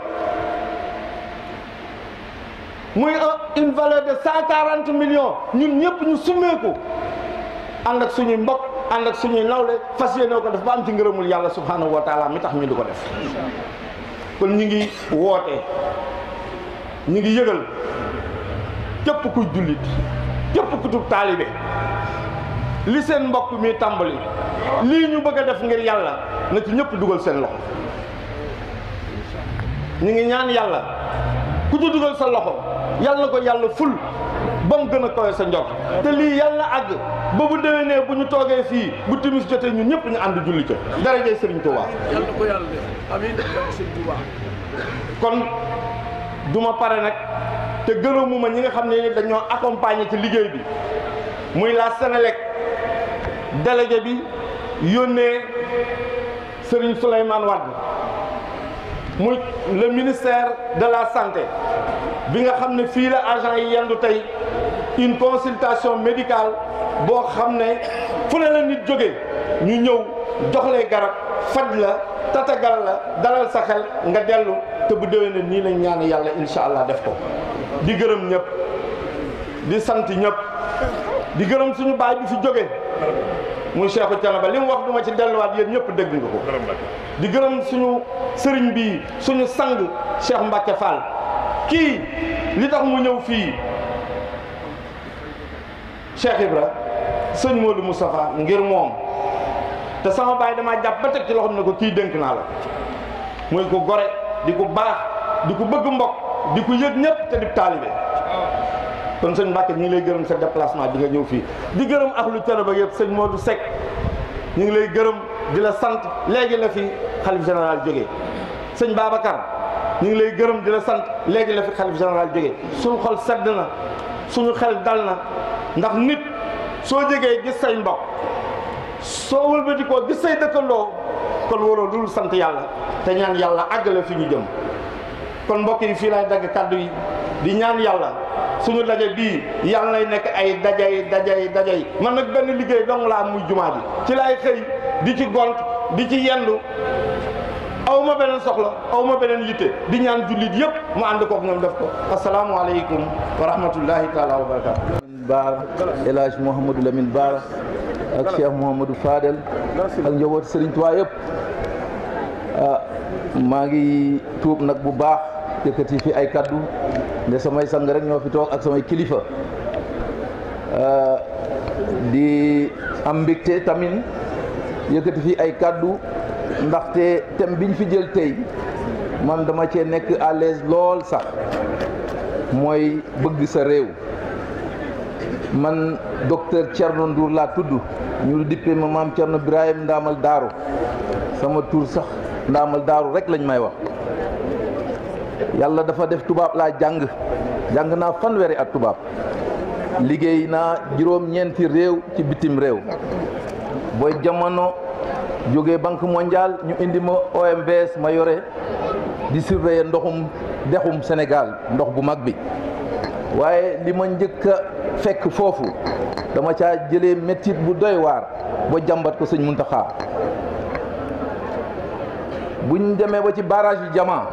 muy une valeur de cent quarante millions ñun ñëpp ñu summeeku ànd ak suñuy mbokk ànd ak suñuy nawle fas yéene ko def ba am ci ngërëmul yàlla subhanahu wa taala mi tax ñu di ko def kon ñu ngi woote ñu ngi yëgal képp kuy jullit képp ku tub li seen mbokk mi tàmbali lii ñu bëgg a def ngir yàlla na ci ñëpp dugal seen loxo ñu ngi ñaan yàlla ku ci dugal sa loxo yàlla ko yàlla ful ba mu gën a kawe sa njort te lii yàlla àgg ba bu déwénee bu ñu toogee fii bu timis jotee ñun ñëpp ñu ànd julli ca darajee Sëriñ Tuubaa ko yàlla def amiin Sëriñ Tuubaa kon duma pare nag te gërëmuma ñi nga xam ne ni dañoo accompagner ci liggéey bi muy la Sénélec délégué bi yónnee Serigne Souleymane Wade muy le ministère dalaa sante bi nga xam ne fii la agent yi yendu tey une consultation médicale boo xam ne fu ne la nit jógee ñu ñëw joxlee garab faj la tatagal la dalal sa xel nga dellu te bu dewee déwénee nii lañ ñaan yàlla incha allah def ko di gërëm ñëpp di sant ñëpp di gërëm suñu baay bi fi jógee muy Cheikhu Thiénaba li mu wax du ma ci delluwaat yéen ñëpp dégg nga ko di gërëm suñu sëriñ bi suñu sang Cheikh Mbacke Fall kii li tax mu ñëw fii Cheikh Ibra sëñ Modou Moustapha ngir moom te sama baay damaa jàpp ba teg ci loxo ne ko kii dénk naa la muy ko gore di ko baax di ko bëgg mbokk di ko yëg ñëpp te di taalibe kon sëñ Mbacke ñu ngi lay gërëm sa déplacement bi nga ñëw fii di gërëm ak lu tënk ba yëpp moo du Seck ñu ngi lay gërëm di la sant léegi la fi xalif général jóge sëñ Babacar ñu ngi lay gërëm di la sant léegi la fi xalif général jóge suñu xol sedd na suñu xel dal na ndax nit soo jógee gis say mbokk soo wëlbati gis say dëkkandoo kon waroo dul sant yàlla te ñaan yàlla àggale fi ñu jëm kon mbokk yi fii laay dagg kàddu yi. di ñaan yàlla suñu daje bii yàlla nay nekk ay dajay dajay dajay man nag benn liggéey dong laa muy jumaa bi ci laay xëy di ci gont di ci yendu aw ma beneen soxla aw ma beneen yitte di ñaan jullit yépp mu ànd kook ñoom def ko asalaamu aleykum wa rahmatullahi taala wa barakaatu baar El Hadj Mouhamadou Lamine Baar ak Cheikh Mouhamadou Fadel ak njaboot Serigne Touba yëpp ah, maa ngi tuub nag bu baax yëkkati fi ay kaddu de samay sang rek ñoo fi toog ak samay kilifa euh, di am mbégte tamit yëkkati fi ay kàddu ndaxte thème biñ fi jël tey man dama cee nekk à l'aise lool sax mooy bëgg sa réew man docteur Thierno Ndour laa tudd ñu dippee ma maam Thierno Birahim Ndaamal Daaru sama tur sax Ndaamal Daaru rek lañ may wax yàlla dafa def tubaab laa jàng jàng naa fanweeri at tubaab liggéey naa juróom-ñeenti réew ci bitim réew booy jamono jógee banque mondiale ñu indi ma OMVS ma yore di surveiller ndoxum dexum Sénégal ndox bu mag bi waaye li ma njëkk fekk foofu dama ca jëlee métit bu doy waar ba jàmbat ko sëñ Muntaxa buñ demee ba ci barrage yi Jama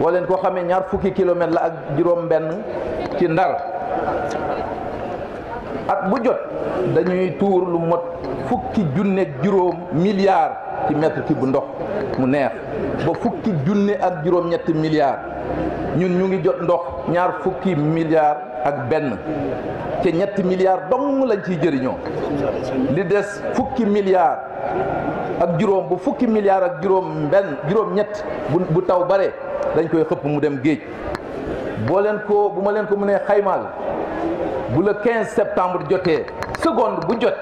boo leen ko xamee ñaar fukki kilomètre la ak juróom benn ci ndar at bu jot dañuy tuur lu mot fukki junne juróom milliards ci mètre ci bu ndox mu neex ba fukki junne ak juróom ñetti milliards ñun ñu ngi jot ndox ñaar fukki milliards ak benn ci ñetti milliards dong lañ ciy jëriñoo li des fukki milliards ak juróom bu fukki milliards ak juróom benn juróom ñett bu taw bare dañ koy xëpp mu dem géej boo leen ko bu ma leen ko mënee xaymaal bu le septembre jotee seconde bu jot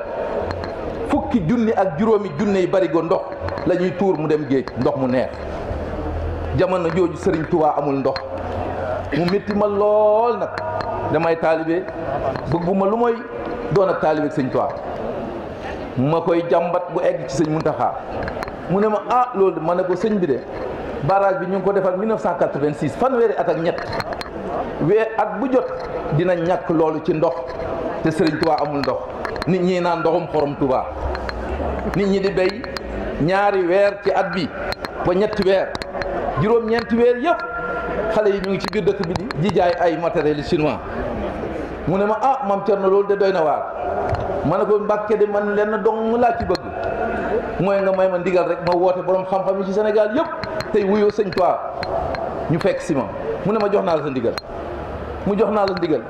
fukki junni ak juróomi junni yi barigo ndox lañuy tuur mu dem géej ndox mu neex jamono jooju Serigne Touba amul ndox mu métti ma lool nag damay taalibe bëgguma lu mooy doon ak taalibe Serigne Touba ma koy jàmbat bu egg ci sëñ Muntaxa mu ne ma ah loolu ma ne ko sëñ bi de. barrage bi ñu ngi ko defal 1986 fanweeri at ak ñett wee at bu jot dina ñàkk loolu ci ndox te Serigne Touba amul ndox nit ñi naan ndoxum xorom Touba nit ñi di béy ñaari weer ci at bi ba ñetti weer juróom-ñeenti weer yëpp xale yi ñu ngi ci biir dëkk bi di jaay ay matériel chinois mu ne ma ah mam Thierno loolu de doy na waar ma ne ko Mbàkke de man lenn dong laa ci bëgg mooy nga may ma ndigal rek ma woote borom xam-xam yi ci Sénégal yëpp. tey wuyo sëñ Tuubaa ñu fekk si ma mu ne ma jox naa la sa ndigal mu jox naa la ndigal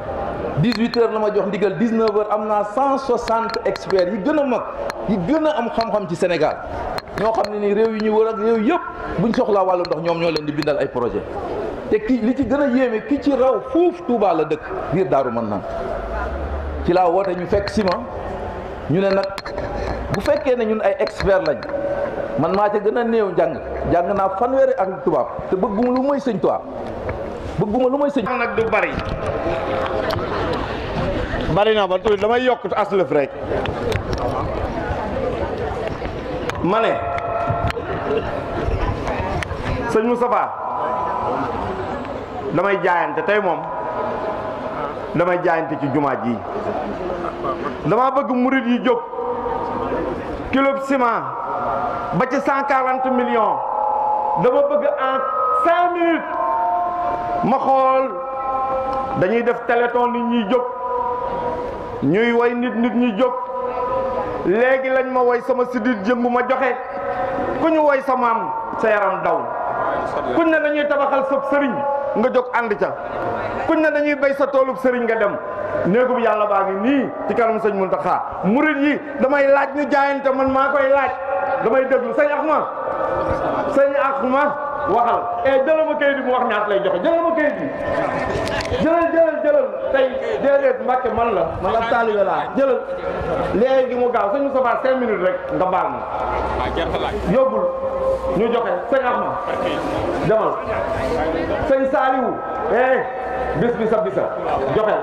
18 heures la ma jox ndigal 19 heures am naa 160 experts yi gën a mag yi gën a am xam-xam ci Sénégal ñoo xam ne ni réew yi ñu wër ak réew yëpp buñ soxlaa wàllu ndox ñoom ñoo leen di bindal ay projet te ki li ci gën a yéeme ki ci raw fuuf Touba la dëkk biir Daaru Manaan ci laa woote ñu fekk si ñu ne nag bu fekkee ne ñun ay experts lañ. man maa ca gën a néew jàng jàng naa fanweeri ak tubaab te bëgguma lu moy sëñ tubaab bëgguma lu mooy sëñ nag du bari bari na ba tuuti damay yokk aslëf rek ma ne sëñ Moustapha damay jaayante tey moom damay jaayante ci jumaa ji dama bëgg murit yi jóg kilo ciment ba ci cent million dama bëgg en cinq minutes ma xool dañuy def téléthon nit ñuy jóg ñuy woy nit nit ñuy jóg léegi lañ ma woy sama sidit jëmb ma joxe ku ñu woy sa maam sa yaram daw kuñ ne dañuy tabaxal sëb sëriñ nga jóg ànd ca kuñ na dañuy béy sa toolub sëriñ nga dem néegub yàlla baa ngi nii ci kanam sëñ Muntaxa murit yi damay laaj ñu jaayante man maa koy laaj damay déglu sëñ Axma sëñ Axma waxal eh jëlal ma kayit bi mu wax ñaata jëlal ma kayit bi jëlal jëlal jëlal tey déedéet Mbàkke man la man la taalibe laa jëlal léegi mu gaaw sëñ Moustapha cinq minutes rek nga baal ma ah, yóbbul ñu joxe sëñ Ahmad demal sëñ Saliou eh bis bi sa bisa joxel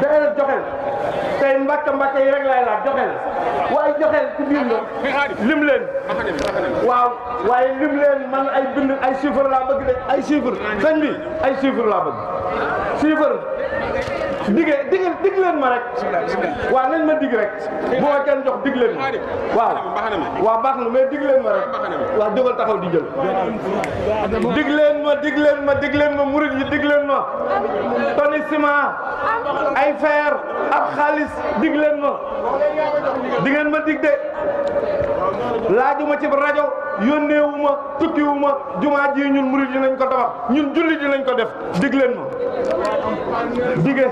déedéet joxel tey Mbàkke Mbàkke yi rek laay laaj joxel waaye joxel ci biir la lim leen waaw waaye lim leen man ay bind bind ay chiffres laa bëgg de ay chiffres sëñ bi ay chiffres laa bëgg chiffres. digee dig dig leen ma rek waa nañ ma dig rek bu ma kenn jox dig leen ma waaw waaw baax na mais dig leen ma rek waaw jógal taxaw di jël dig leen ma dig leen ma dig leen ma murid yi dig leen ma toni ciment ay fer ak xaalis dig leen ma di ngeen ma dig de laajuma ci rajo yónneewu ma tukkiwu ma jumaa ji ñun murid yi nañ ko tabax ñun jullit yi nañ ko def dig leen ma dige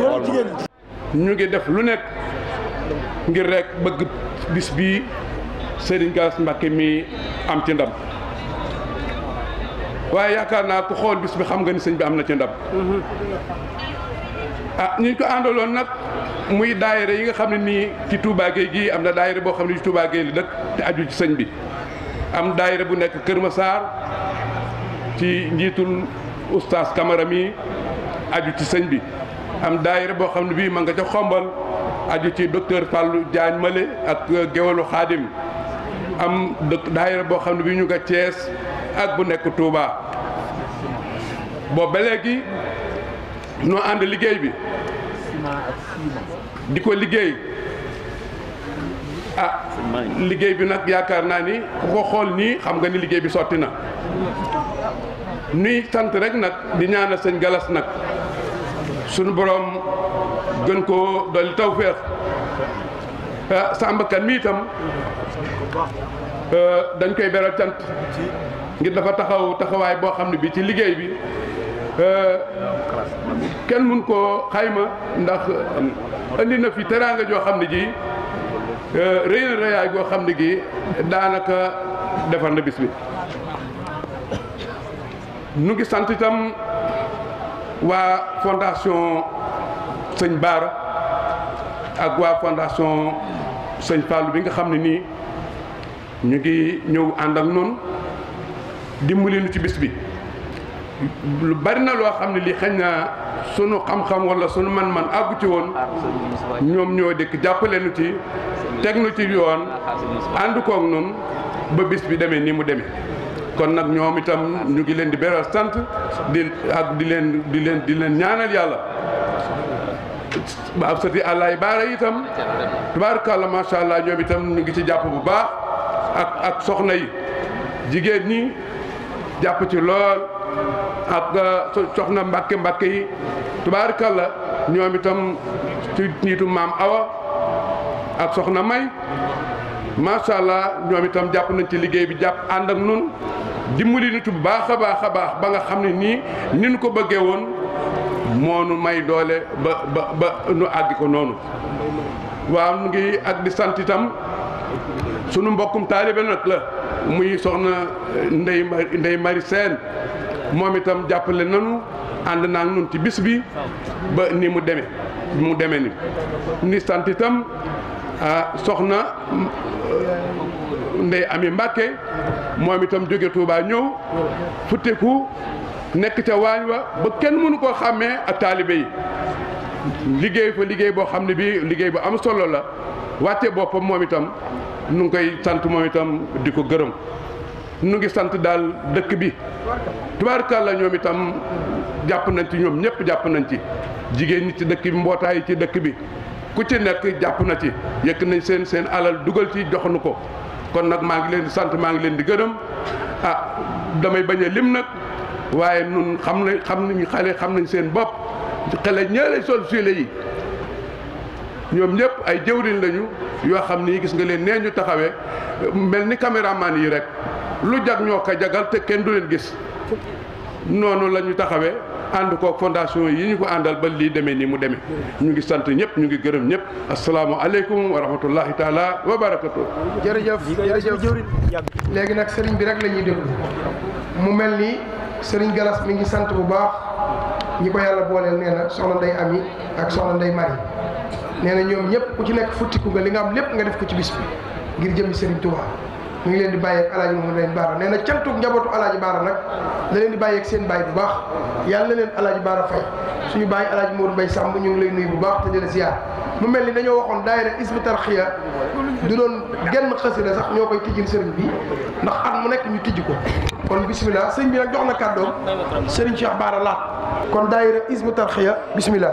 góor ñu ngi def lu nekk ngir rek bëgg bis bi sëriñ Gallas Mbacké mi am ci ndam waaye yaakaar naa ku xool bis bi xam nga ni sëñ bi am na ci ndam ah ñu ko àndaloon nag muy daayira yi nga xam ne nii ci Touba Gueye gii am na daayira boo xam ne ci Touba Gueye li dëkk te aju ci sëñ bi am daayira bu nekk Kër Massar ci njiitul oustaz Camara mi aju ci sëñ bi am daayira boo xam ne bii ma nga ca xombal aju ci docteur Fallou jaañ Male ak euh, géwalu xaadim am daayira boo xam ne bii ñu nga cees ak bu nekk Touba boobu ba léegi noo ànd liggéey bi di ko liggéey a ah, liggéey bi nag yaakaar naa ni ku ko xool nii xam nga ni liggéey bi sotti na nuy sant rek nag di ñaana sëñ galas nag suñu boroom gën koo dolli taw ah Samba Kane mi itam ah, dañ koy beral cant ngir dafa taxaw taxawaay boo xam ne bi ci liggéey bi ah, kenn mën koo xayma ndax indi na fi teraanga joo xam ne ji ah, rëy na rëyaay goo xam ne gi daanaka defar na bis bi ñu ngi sant itam waa fondation sëñ baar ak waa fondation sëñ Fallou bi nga xam ne nii ñu ngi ñëw ànd ak noonu dimbali nu ci bis bi lu bari na loo xam ne lii xëy na sunu xam-xam wala sunu man-man àggu ci woon ñoom ñoo dikk jàppale nu ci teg nu ci yoon ànd kook noonu ba bis bi demee nii mu demee. kon nag ñoom itam ñu ngi leen di beral sant di ak di leen di leen di leen ñaanal yàlla ba ab sati àllaay baara itam tubaarkàlla macha allah ñoom itam ñu ngi ci jàpp bu baax ak soxna yi jigéen ñi jàpp ci lool ak uh, soxna mbàkke mbàkke yi tubaarkàlla ñoom itam ci niitu maam awa ak soxna may macha allah ñoom itam jàpp nañ ci liggéey bi jàpp ànd ak nun di nit bu baax a baax a baax ba nga xam ne nii ni ñu ko bëggee woon moo nu may doole ba ba ba nu àgg ko noonu. waaw mu ngi ak sant itam sunu mbokkum taalibe nag la muy soxna Ndey Mari Seen moom itam jàppale nanu ànd naa nun ci bis bi ba ni mu deme mu demee ni ni sant itam soxna Ndey Ami Mbàkke moom itam jóge Touba ñëw futteku nekk ca waañ wa ba kenn mënu koo xàmmee ak taalibe yi liggéey fa liggéey boo xam ne bii liggéey bu am solo la wàcce boppam moom itam nu ngi koy sant moom itam di ko gërëm nu ngi sant daal dëkk bi tubaarkàlla ñoom itam jàpp nañ ci ñoom ñëpp jàpp nañ ci jigéen ñi ci dëkk bi mbootaay ci dëkk bi ku ci nekk jàpp na ci yëkk nañ seen seen alal dugal ci jox nu ko kon nag maa ngi leen sant maa ngi leen di gërëm a ah, damay bañ a lim nag waaye nun xam nañ xam nañ xale xam nañ seen bopp xale ñële sol suile yi ñoom ñëpp ay jëwriñ lañu yoo xam ni gis nga leen nee ñu taxawee mel ni caméraman yi rek lu jag ñoo ko jagal te kenn du leen gis noonu la ñu taxawee ànd ko fondation yi ñu ko àndal ba lii demee nii mu demee ñu ngi sant ñëpp ñu ngi gërëm ñëpp asalaamaaleykum wa rahmatullahi taala wa barakatu jërëjëf jërëjëf léegi nag sëriñ bi rek la ñuy mu mel ni sëriñ Galas mi ngi sant bu baax ñi ko yàlla booleel nee na soxna Ndey Ami ak soxna Ndey Mari nee na ñoom ñëpp ku ci nekk futtiku nga li nga am lépp nga def ko ci bis bi ngir jëmmi sëriñ Tuubaa mu ngi leen di bàyyeeg alaaji moom Lamine Baara nee na cantuk njabootu alaaji Baara nag la leen di bàyyeeg seen baay bu baax yàlla na leen alaaji Baara fay suñu bàyyi alaaji Modou mbay Samb ñu ngi lay nuyu bu baax te di la ziar mu mel ni dañoo waxoon daayira isbu tarxiya du doon genn xasida sax ñoo koy tijjil sëriñ bi ndax at mu nekk ñu tijji ko kon bisimilah sëriñ bi nag jox na kàddoom sëriñ Cheikh Baara laat kon daayira isbu tarxiya bisimilah.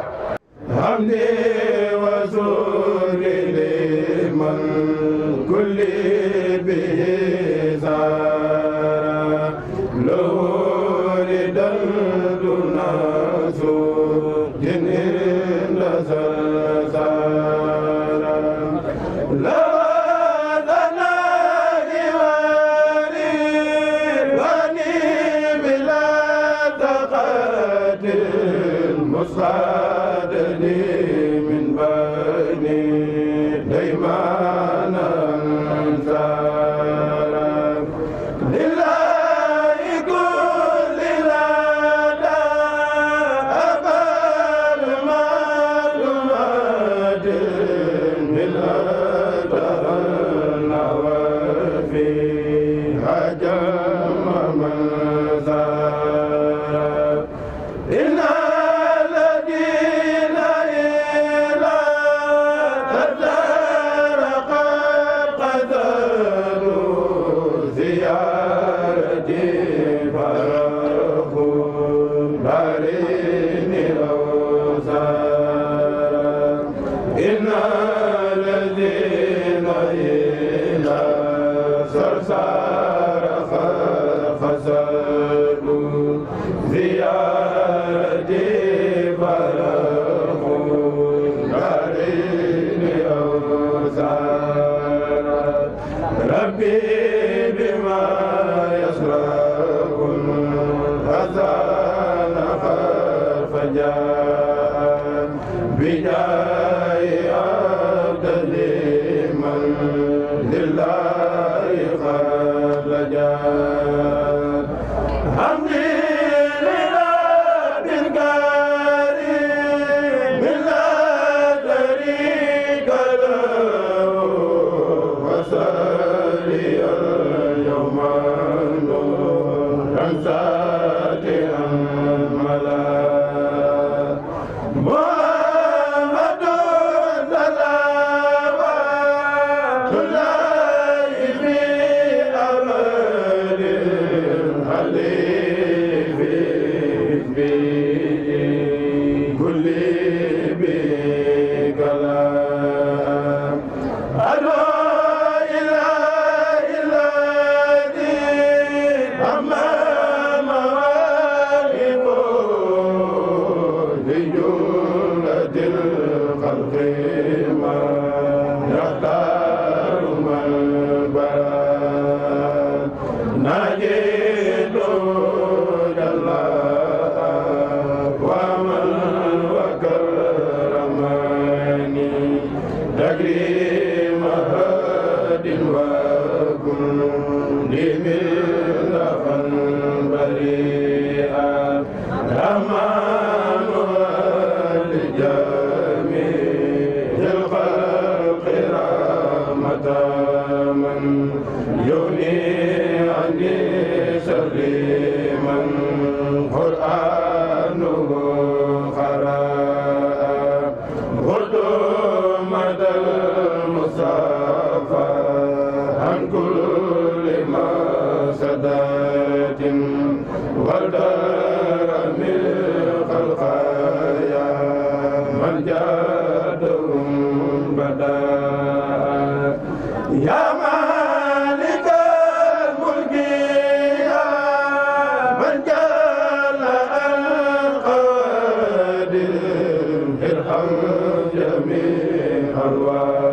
الله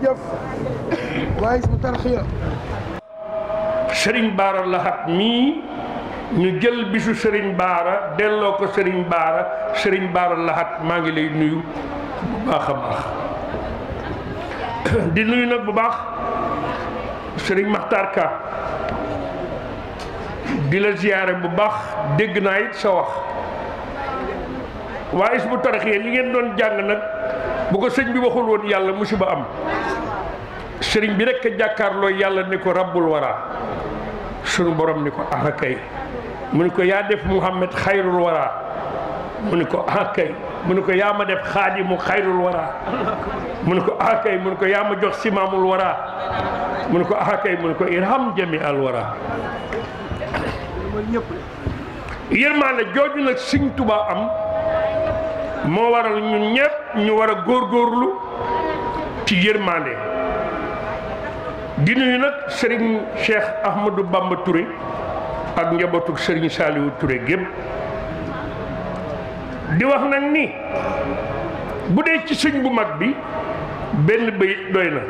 jërëjëf waaye Hizbut Tarqiyyah ñu jël bisu sëriñ Baara delloo ko sëriñ Baara sëriñ Baara Lahat maa ngi lay nuyu bu baax baax <coughs> di nuyu nag bu baax sëriñ maxtarka di la ziyaare bu baax dégg naa it sa wax waa Hizbut Tarqiyyah li ngeen doon jàng nag bu ko sëñ bi waxul woon yàlla musiba am sëriñ bi rekk jàkkaarloo yàlla ni ko rabbul wara sunu borom ni ko ah kay mu ni ko yaa def muhammad xayrul mu ni ko ah mu ni ko yaa ma def xaadimu xayrul wara mu ni ko ah kay mu ni ko yaa ma jox simaamul wara mu ni ko ah kay mu ni ko irham jami al wara yërmaane jooju nag sëriñ tubaa am moo waral ñun ñëpp ñu war a góorlu ci yërmaane di nuyu nag sëriñ Cheikh Ahmadou Bamba Touré ak njabootu sëriñ Saliou Touré gépp di wax nag ni bu dee ci sëñ bu mag bi benn bëy doy na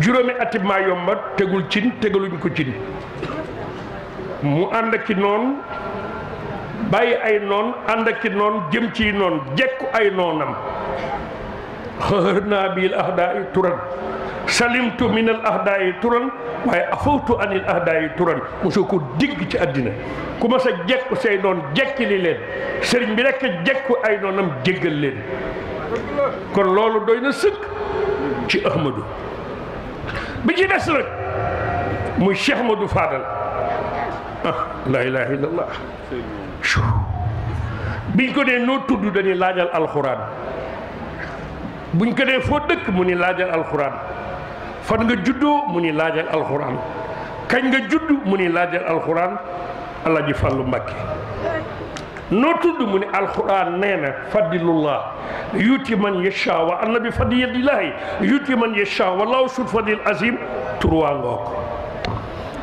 juróomi ati maa yomba tegul cin tegaluñ ko cin mu ànd ak i noon bàyyi ay noon ànd ak i noon jëm ci noon jekku ay noonam xëhër naa bil turan salimtu min al ahdaayi turan waaye afawtu anil ahdaayi turan mosoo ko digg ci àddina ku ma sa jekku say doon jekkili leen sëriñ bi rek jekku ay noonam jéggal leen kon loolu doy na sëkk ci Ahmadu bi ci des nag muy Cheikh Ahmadou Fadal ah, laa ilaaha illallah biñ ko dee noo tudd dañuy laajal alxuraan buñ ko dee foo dëkk mu ni laajal alxuraan fan nga juddoo mu ni laajal alxuraan kañ nga judd mu ni laajal alxuraan allah ji fàllu mbàkke noo tudd mu ni alxuraan nee na fadilullah yuuti man yasha wa annabi fadilillahi yuuti man yasha wallahu sul fadil azim turwaa ngoo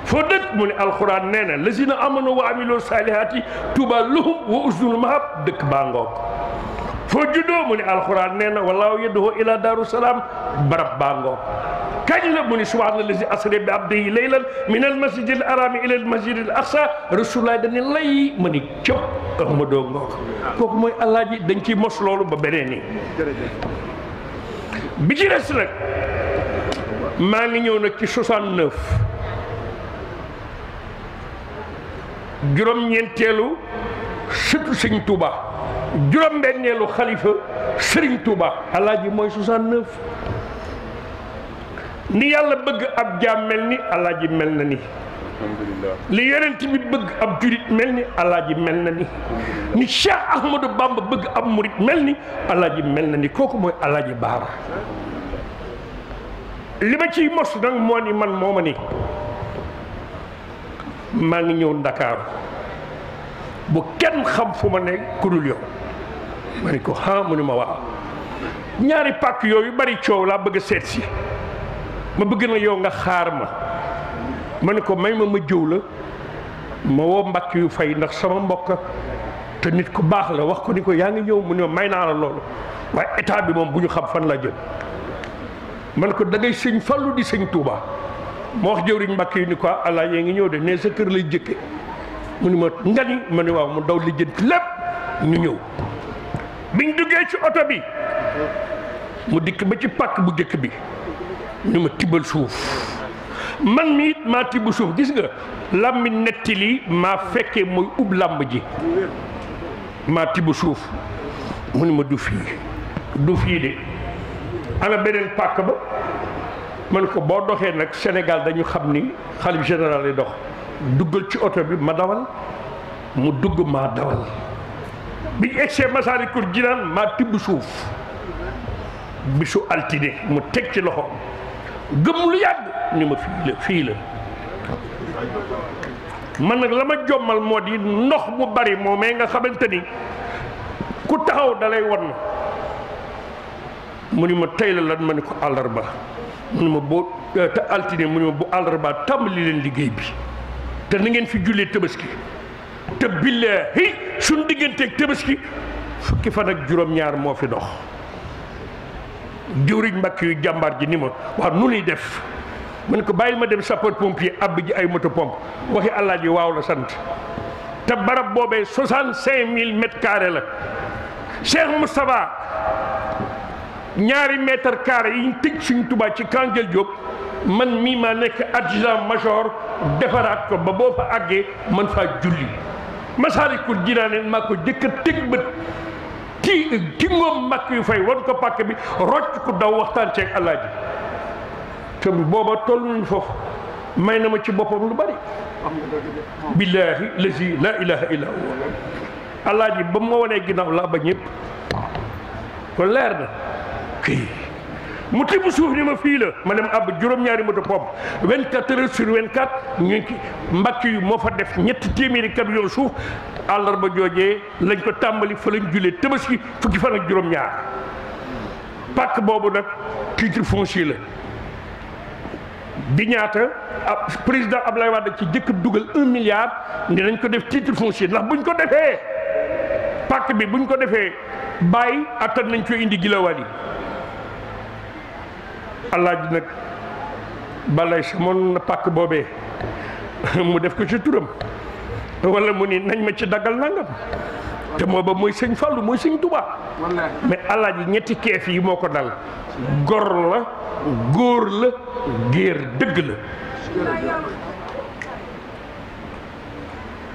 foo dëkk mu ni alxuraan nee na lazina amanu wa amilu saalihaati tuuba lahum wa usnul mahab dëkk baa ngoo foo juddoo mu alxuraan nee na walaaw yedduhu ila daaru salaam barab baangoo kañ la mu ni subhaana lazi asra abdihi laylan min al araami ila al masjid al aqsa rasulullah dañu lay ma ni cëpp ahmadoo ngoo kooku mooy alaaji dañ ciy mos loolu ba beneen bi ci des maa ngi ñëw nag ci 69 juróom-ñeenteelu sëtu sëñ Touba juróom-benneelu xalifa sëriñ Touba alaaji mooy 69 ni yàlla bëgg ab jaam mel ni alaaji mel na ni li yonent bi bëgg ab jurit mel ni alaaji mel na ni ni Cheikh Ahmadou Bamba bëgg ab murit mel ni ji mel na ni kooku mooy alaaji baara li ma ciy mos nag moo ni man moo ni maa ngi ñëw Ndakaaru bu kenn xam fu ma ne ku dul yow ma ne ko ah mu ne ma wax ñaari pàkk yu bari coow laa bëgg seet si ma bëgg na yow nga xaar ma ma ne ko may ma ma jëw la ma woo mbàkk yu fay ndax sama mbokk te nit ku baax la wax ko ni ko yaa ngi ñëw mu ne may naa la loolu waaye état bi moom bu ñu xam fan la jëm man ko dangay ngay sëñ lu di sëñ Touba ma wax jëwriñ mbàkk yu ni ko allah yaa ngi ñëw de ne sa kër lay jëkke mu ni ma nga ni ma ni waaw mu daw lijjanti lépp ñu ñëw biñ duggee ci oto bi mu dikk ba ci pàkk bu jëkk bi ñu ma tibbal suuf man mi it maa tibb suuf gis nga làmmi netti li maa fekkee mooy ub làmb ji maa tibb suuf mu ni ma du fii du fii de ana beneen pàkk ba man ko boo doxee nag senegal dañu xam ni xalif général lay dox duggal ci oto bi ma dawal mu dugg maa dawal biñ egsee Masaalikul Jinaan maa tibb suuf bisu altine mu teg ci loxo gëmm lu yàgg ni ma fii la man nag la ma jommal moo di ndox mu bari moomee nga xamante ni ku taxaw dalay wan mu ni ma tey la lan ma ni ko àllarba mu ni ma boo te altine mu ni ma bu àllarba tàmbali leen liggéey bi te na ngeen fi jullee tabaski te billaahi suñ digganteeg tabaski fukki fan ak juróom-ñaar moo fi dox jëwriñ mbàkk yu jàmbaar ji ni ma waaw nu nuy def man ko bàyyil ma dem sapeur pompier àbb ji ay moto pompe waxi allah ji waaw la sant te barab boobee soixante cinq mille mètres carrés la Cheikh Moustapha ñaari meetar carré yi ñu tëj suñ Touba ci Kangel Diop man mii maa nekk adjudant major defaraat ko ba boo fa àggee man faa julli Masaalikul Jinaan maa ko jëkk a teg bët ki ki ngoom màkk yu fay wan ko pàkk bi rocc ko daw waxtaan ceeg alaaji te booba toll nañ foofu may na ma ci boppam lu bari billaahi lazi laa ilaaha illaa huwa alaaji ba ma wanee ginnaaw laa ba ñëpp kon leer na mu tibb suuf ni ma fii la ma dem ab juróom-ñaari moto pompe 24 heures sur 24 ñu ngi mbàkk yu moo fa def ñetti téeméeri camion suuf àllarba joojee lañ ko tàmbali fa lañ julee tabaski fukki fan ak juróom-ñaar pàkk boobu nag titre foncier la di ñaata ab président Ablaye Wade ci jëkk dugal un milliard ne dañ ko def titre foncier ndax ñu ko defee pàkk bi buñ ko defee bàyyi attan nañ ko indi gilawaan yi alaaji nag balay samoon na pàkk boobee mu def ko ci turam wala mu ni nañ ma ci daggal nangam te moo ba mooy sëñ Fallou mooy sëñ Touba mais alaaji ñetti keef yi moo ko dal gor la góor la géer dëgg la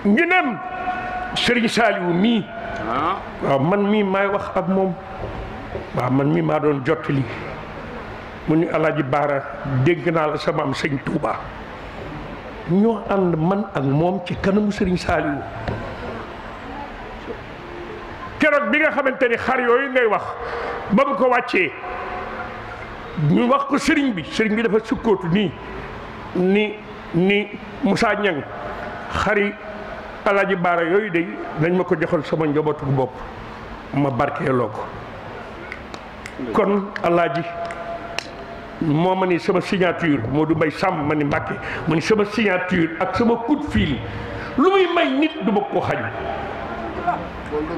ñu nem sëriñ Saliou mii ah. waaw man mii maay wax ak moom waaw man mii maa doon jottali mu ni alaaji baara dégg naa la sama am sëñ Touba ñoo ànd man ak moom ci kanamu sëriñ Saliou keroog bi nga xamante ni xar yooyu ngay wax ba mu ko wàccee ñu wax ko sëriñ bi sëriñ bi dafa sukkootu nii ni ni Moussa Niang xari alaaji baara yooyu de dañ ma ko joxal sama njabootu bopp ma barkeeloo ko kon alaaji moo ma ni sama signature du Mbaye sàmm ma ni Mbàkke mu ni sama signature ak sama coup de lu muy may nit du ma ko xañ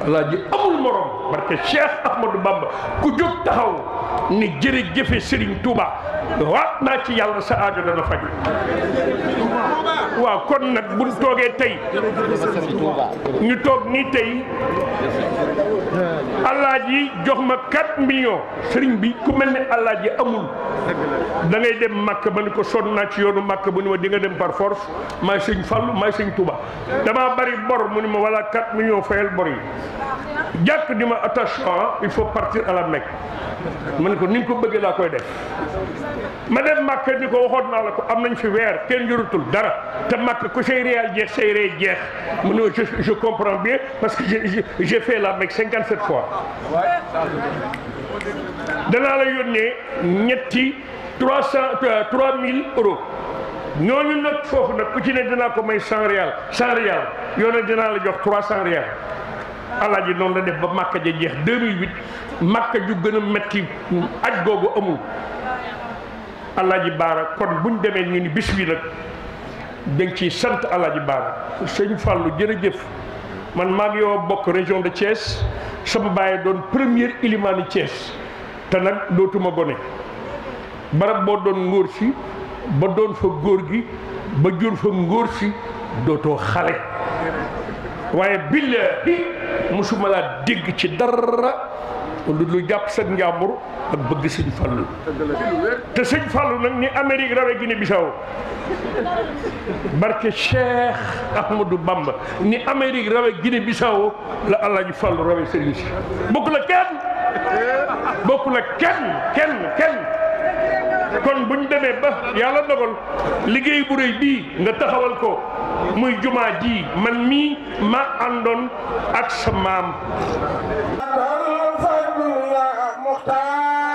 alaaji amul morom parce que ma du Bamba ku jóg taxaw ni jërëjëfe Serigne Touba waat naa ci yàlla sa ajo dana faj waaw kon nag buñ toogee tey ñu toog nii tey ji jox ma 4 millions sëriñ bi ku mel ne alaaji amul da ngay dem màkk ma ni ko son naa ci yoonu màkk bu ni ma di nga dem par force maay sëñ Fallu maay sëñ Touba damaa bari bor mu ni ma walla 4 millions fayal bor yi jàkk di ma attachement il faut partir à la Mecque ko ni nga ko bëggee laa koy def ma dem màkk ni ko waxoon naa la ko am nañ fi weer kenn jurutul dara te màkk ku say réal jeex say rey jeex mu ne je je comprends bien parce que j'ai j'ai fait fois danaa la yónnee ñetti trois cent euh, trois mille euros ñooñu nag foofu nag ku ci ne dinaa ko may cent réal cent réal yow nag dinaa la jox trois cent réal alaaji noonu la def ba màkk ja jeex 2008 màkk ju gën a metti aj googu amul Alaaji Baara kon buñ demee ñu ni bis bi nag dañ ciy sant Alaaji Baara sëñ Fallou jërëjëf man maa ngi yow bokk région de Thiès sama bàyyi doon premier ilimaani Thiès te nag dootuma gone barab boo doon ngóor si ba doon fa góor gi ba jur fa ngóor si dootoo xale waaye billaahi musuma laa dégg ci dara lu lu jàpp sag njàmbur ak bëgg sëñ Fallou te sëñ Fallou nag ni Amérique rawe Guinée Bissau barke Cheikh Ahmadou Bamba ni Amérique rawe Guinée Bissau la Alaaji Fallou rawe sëriñ si bokk la kenn bokk la kenn kenn kon bu ñu demee ba yàlla dogal liggéey bu rëy bii nga taxawal ko muy jumaa ji man mii ma àndoon ak sa maam waxtaan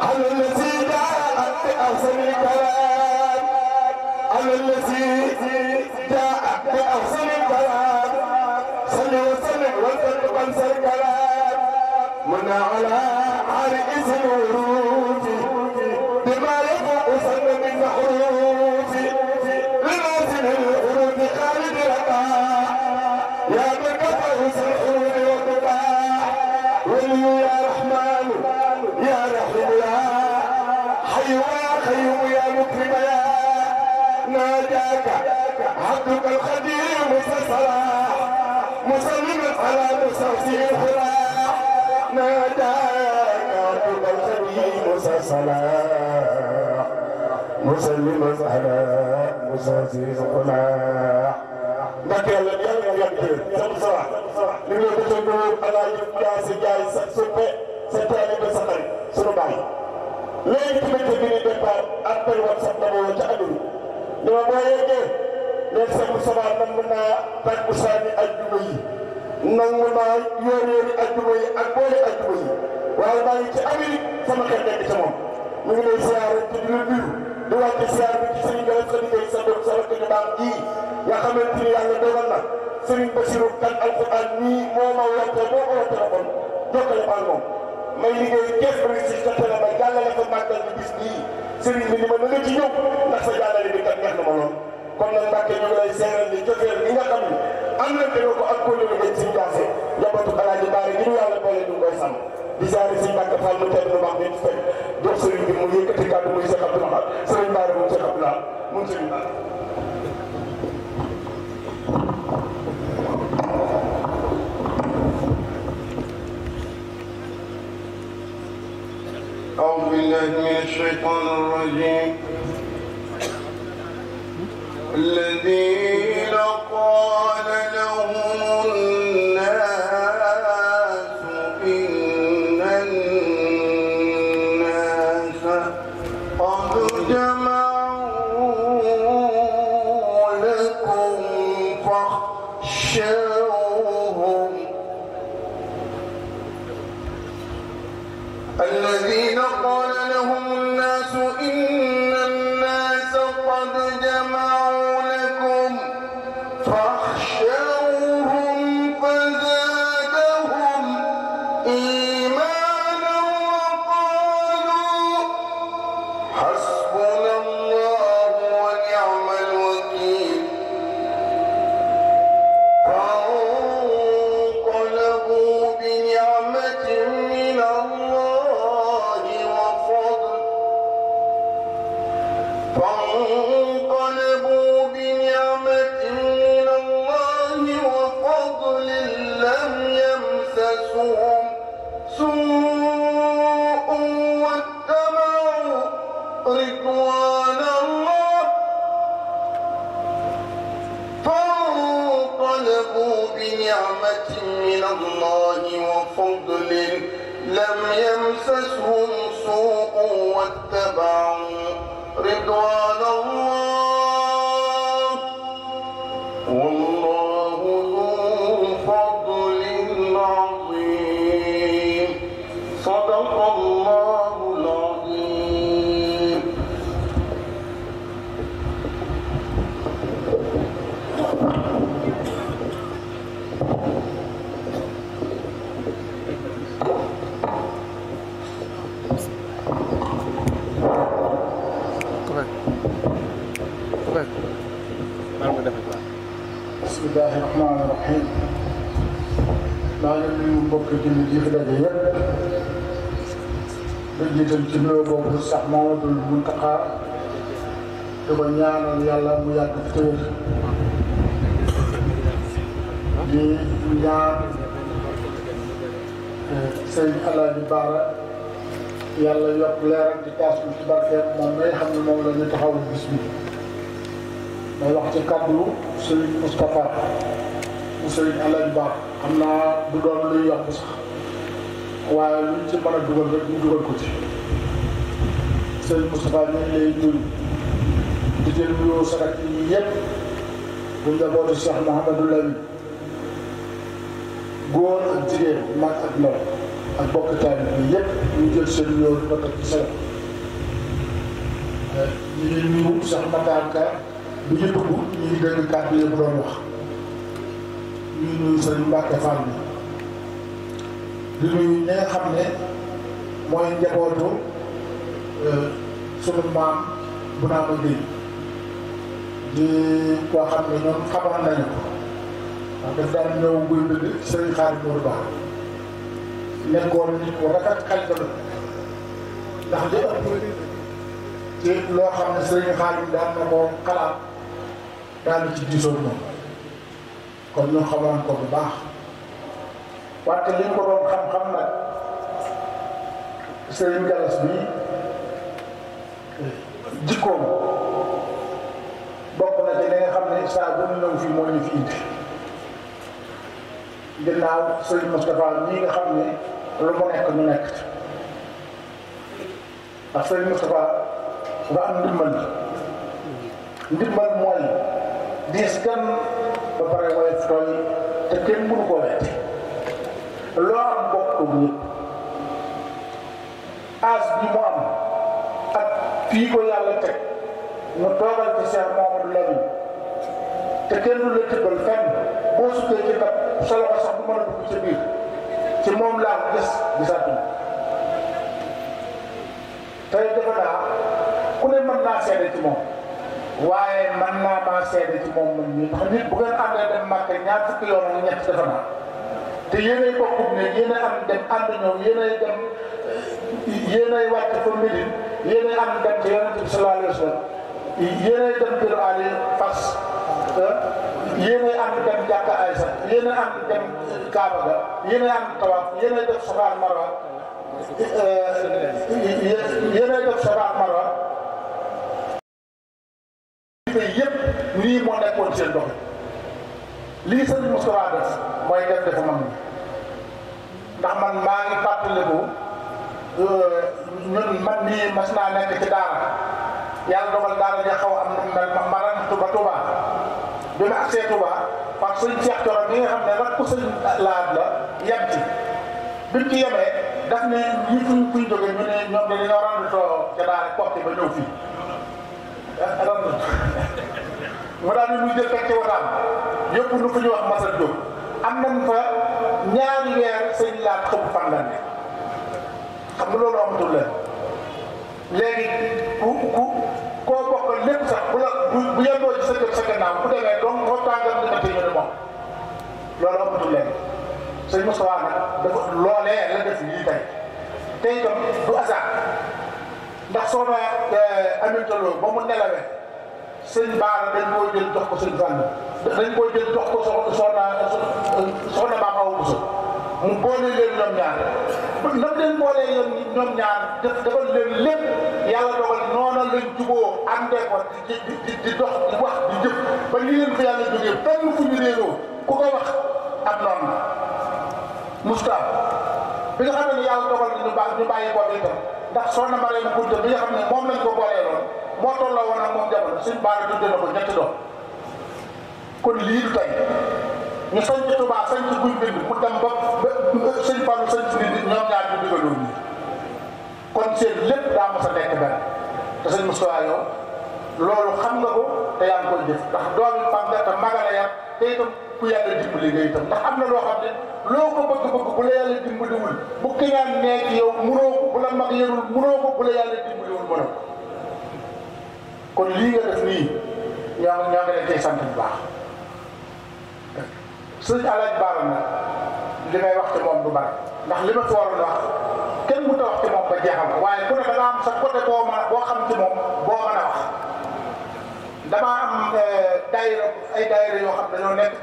على الذي جاء بأحسن الكلام على الذي جاء بأحسن الكلام صل وسلم وانت تقنص الكلام منا على عرئيس الورود مولاك عبدك القدير مستصلى مسلما على مستوفي الفلاح ناداك عبدك القدير مستصلى مسلما على مستوفي الفلاح ndaxte yàlla yàlla nga yàggee sama sarax li nga ko tëggoo alaaji jaay si jaay sa suppe sa teele ba sa xarit sunu bàyyi léegi tamit bi ni départ appel WhatsApp dama ca aduna li ma boo yeggee léegi sax mu soxlaa nangu naa takkusaani ajjuma yi nangu naa yoor yoori ajjuma yi ak boole ajjuma waaye maa ngi ci Amérique sama xel nekk ca moom ñu ngi lay siyaar te di la nuyu di wàcce siyaar bi ci Serigne Gallas Khady Gueye sa doom sa rakk ju baax ji nga xamante ni yàlla dogal na Serigne Bassirou kan alquran nii moo ma waxte moo ko waxte kon jokkale ak moom may liggéey kees ba si jottale ma jàllale ko màggal bi bis bii sëriñ bi ni ma na nga ci ñëw ndax sa jaarale bi kat neex na ma lool kon nag Mbàkke ñu ngi lay seeral ni jofeer bi nga xam ni am na teew ko ak kóllëre gañ siñ gaase njabootu Alaaji Baare gi ñu yàlla boole ñu koy sàmm mu teel lu baax ne mu yëkkati kàddu muy Cheikh Abdoulaye Sëriñ Baare mu Cheikh Abdoulaye mun أعوذ بالله من الشيطان الرجيم الذين قال لهم ñaan mu yàgg fi tëwër di ñaan eh, sëñ Alaaji Baara yàlla yokk leeral di taas bi ci barkeem moom ngay xam ne moom la ñu taxaw bis bi ma wax ci kàddu sëriñ Moustapha mu sëriñ Alaaji Baara xam naa du doon luy yokk sax waaye luñ ci mën a dugal rek ñu dugal ko ci sëriñ Moustapha ñu ngi lay nuyu di jël nuyoo sa rakk yi yëpp bu njabootu Cheikh Mouhamadou Lamine góor ak jigéen mag ak ndaw ak bokk taalib bi yëpp jël seen nuyoo di ko teg ci sa ñu bu ñu dugg ñu ngi dégg kàddu wax ñu ngi nuyu Serigne Mbacke Fall bi di nuyu ñi nga xam ne mooy njabootu euh, sunu maam bu naa ma géej di koo xam ne ñoom xamoon nañu ko wax dëgg daan ñëw buy bind sëriñ xaalis Mourou Ba nekkoon nit ku rafet xalifa la ndax li ëpp ci loo xam ne sëriñ xaalis daan na ko xalaat daal ci diisoon moom kon ñu xamoon ko bu baax wante li ñu ko doon xam-xam nag sëriñ Galas bi jikkoom ci li nga xam ne saa bu ñëw fii moo ñu fi indi ginnaaw sëñ Moustapha ñii nga xam ne lu mu nekk ñu nekk ndax sëñ Moustapha nga am ndimbal ndimbal mooy diis gan ba pare wala tool yi te kenn mënu ko weete loo am bokk ko bu as bi mu am ak fii ko yàlla teg. ñu toogal ci Cheikh Mamadou Lamine te kenn du la tibbal fenn boo sukkee ci kat solo ko sax du mën ci biir ci moom laa gis gisaat na tey dafa daa ku ne mën naa seede ci moom waaye man naa maa seede ci moom moom mii ndax nit bu ngeen àndee dem màkke ñaar fukki yoon ak ñett dafa naa te yéenay bokkut ne yéenay am dem ànd ñoom yéenay dem yéenay wàcc fa mbiri yéenay am dem ci yonent bi sallallahu alayhi wa sallam yéenay dem kër Ali Fass ah, yéenay nii eh, moo nekkoon seen dox lii sëñ Moustapha def mooy def dafa ndax man maa ngi fàttaliku eh, ñun man nii mas naa ci daara yàlla dogal daal di xaw am lu mel ma ren Touba Touba bi ma agsee Touba parce que suñ Cheikh Thioro nga xam ne rakku sëñ laaj la yem ci biñ ci yemee daf ne ñi fuñ fuñ jógee ñu ne ñoom dañoo randutoo am nañ fa ñaari weer sëñ laaj xamu fan la ne xam nga loolu amatul leen léegi ku ku koo bokk lépp sax bu la bu bu yendoo ci sa kër sa gannaaw bu demee donc moo tàngal nga def te moom loolu amatul léegi sëñ Moustapha nag dafa loolee la def lii tey tey itam du asaar ndax soo na euh, Aminata Lo ba mu nelawee sëñ Baara dañ koo jël jox ko sëñ Fane dañ koo jël jox ko soxna soxna Soxna Ba Awa Bousso mu boole leen ñoom ñaar. nam leen boolee yoon ñi ñoom ñaar def leen lépp yàlla dogal noona lañ juboo àndee ko di di di dox di wax di jëf ba li leen fa yàlla jógee benn fu ñu réeroo ku ko wax ak la nga xam ne yàlla dogal ñu ba ñu bàyyi ko itam ndax soo na xam ne moom lañ ko boolee loon moo tolloo woon ak moom jamono suñ baara ko ñetti doom kon lii du tey ñu sañ ci Tuubaa sañ ci guñ bind mu dem ba ba sëñ sañ ci nit dimbaloo ñi kon seen lépp daa mos a nekk benn te sëñ Moustapha yow loolu xam nga ko te yaa ngi koy jëf ndax doon mag nga te magal a yar te ku yàlla dimbali nga itam ndax am na loo xam ne loo nekk yow munoo ko bu la mag yarul munoo ko bu la yàlla dimbaliwul mënoo ko kon lii nga def nii ñoo ñoo ngi leen cay sant bu baax sëñ Alaaji Baara nag li may wax ci moom du bari ndax li ma ci kenn mënut a wax ci moom ba jeexal waaye ku ne da nga am sa côté boo ma boo xam ci moom boo mën a wax am euh, daayira ay daayira yoo xam dañoo nekk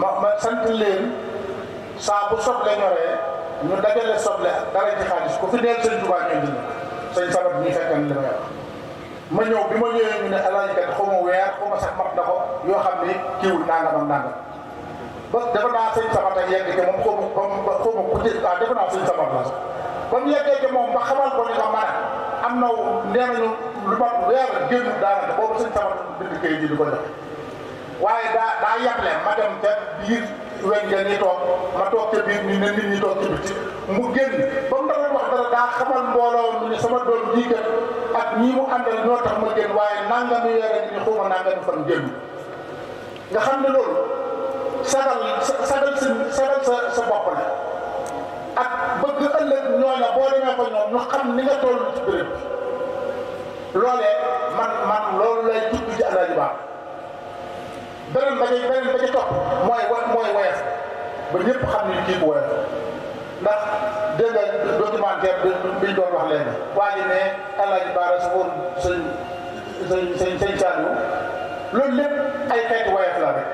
ma ma sant leen saa bu soble ñoree ñu dajale soble ak dara ci xaalis ku fi deel sëñ Tuubaa ñoom ñu sëñ sabab ñu fekkan li may wax ma ñëw bi ma ñëwee ñu ne alaaji kat xaw ma weer xaw ma sax mat na ko yoo xam ne kiiwul nangam ak nangam ba defe naa sëñ Samat ak yegg ci moom xaw ma xaw ma xaw ma ku ci ah defe naa sëñ Samat la ba mu yeggee ci moom ba xamal ko ni ko man am na nee nañu lu ma weer génn daanaka boobu sëñ Samat bind kayit ji di ko def waaye daa daa yàble ma dem ca biir weñ ja ñi toog ma toog ca biir ñu ne nit ñi toog ci biti mu génn ba mu doon wax dara daa xamal mbooloo mi ni sama doom jii kat ak ñii mu àndal ñoo tax ma génn waaye nangami weer ñu xuma nangami fan génn nga xam ne loolu. sagal sagal si sagal sa sa bopp la ak bëgg ëllëg ñooña boo demee ko ñoom ñu xam ni nga toll ci béréb bi loolee man loolu lay tudd ci Alaaji Ba beneen ba ca topp mooy wa mooy woyof ba ñëpp xam ni kii bu woyof ndax dégg nga documentaire bi biñ doon wax léegi waa ji ne Alaaji Baara su lépp la rek.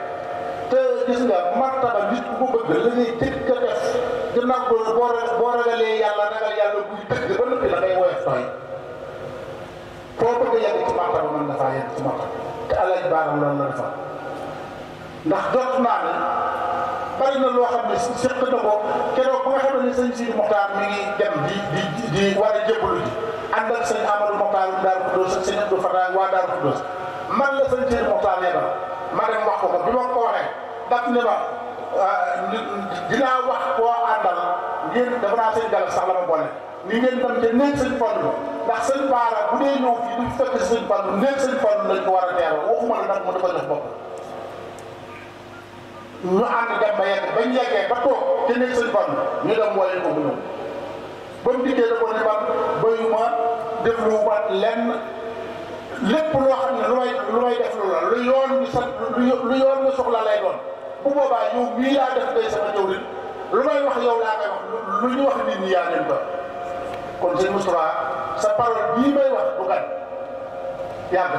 te gis nga martaba nit ku ko bëgg la ñuy jëkk a def gannaaw boo boo ragalee yàlla ragal yàlla buy dëgg ba noppi la day woyof tooy foo bëgg a yegg ci martaba mën na faa yegg ci martaba te alaj baaram la defa ndax jot naa ne bari na loo xam ne seq na ko keroog ba nga xam ne sëñ si mi dem di di di war a jébbalu ji ànd ak sëñ Amadou Moxtaar mu daal Kudos ak sëñ Abdou Fata waa daal Kudos man bi ma ko daf ne ma euh, dinaa wax koo àndal ngeen dafa naa seen galab sax la ma boole ni ngeen dem ca néeg sëñ Fallu ndax sëñ Baara bu dee ñëw fii du ko war a teeral waxuma la nag mu dafa def bopp ñu ànd dem ba yegg bañ yeggee ba toog ca néeg sëñ Fallu ñu ko mu ñëw ba mu dikkee da ko ne man bayuma def lu ma lenn lépp loo xam ne lu may def lu la lu yoon lu yoon soxla lay doon bu boobaa yow mii yaa def bay sama jawrin lu may wax yow laa koy wax lu ñu wax nit ñi yaa leen ba kon sëñ Moustapha sa parole bii may wax du gàtt yàgg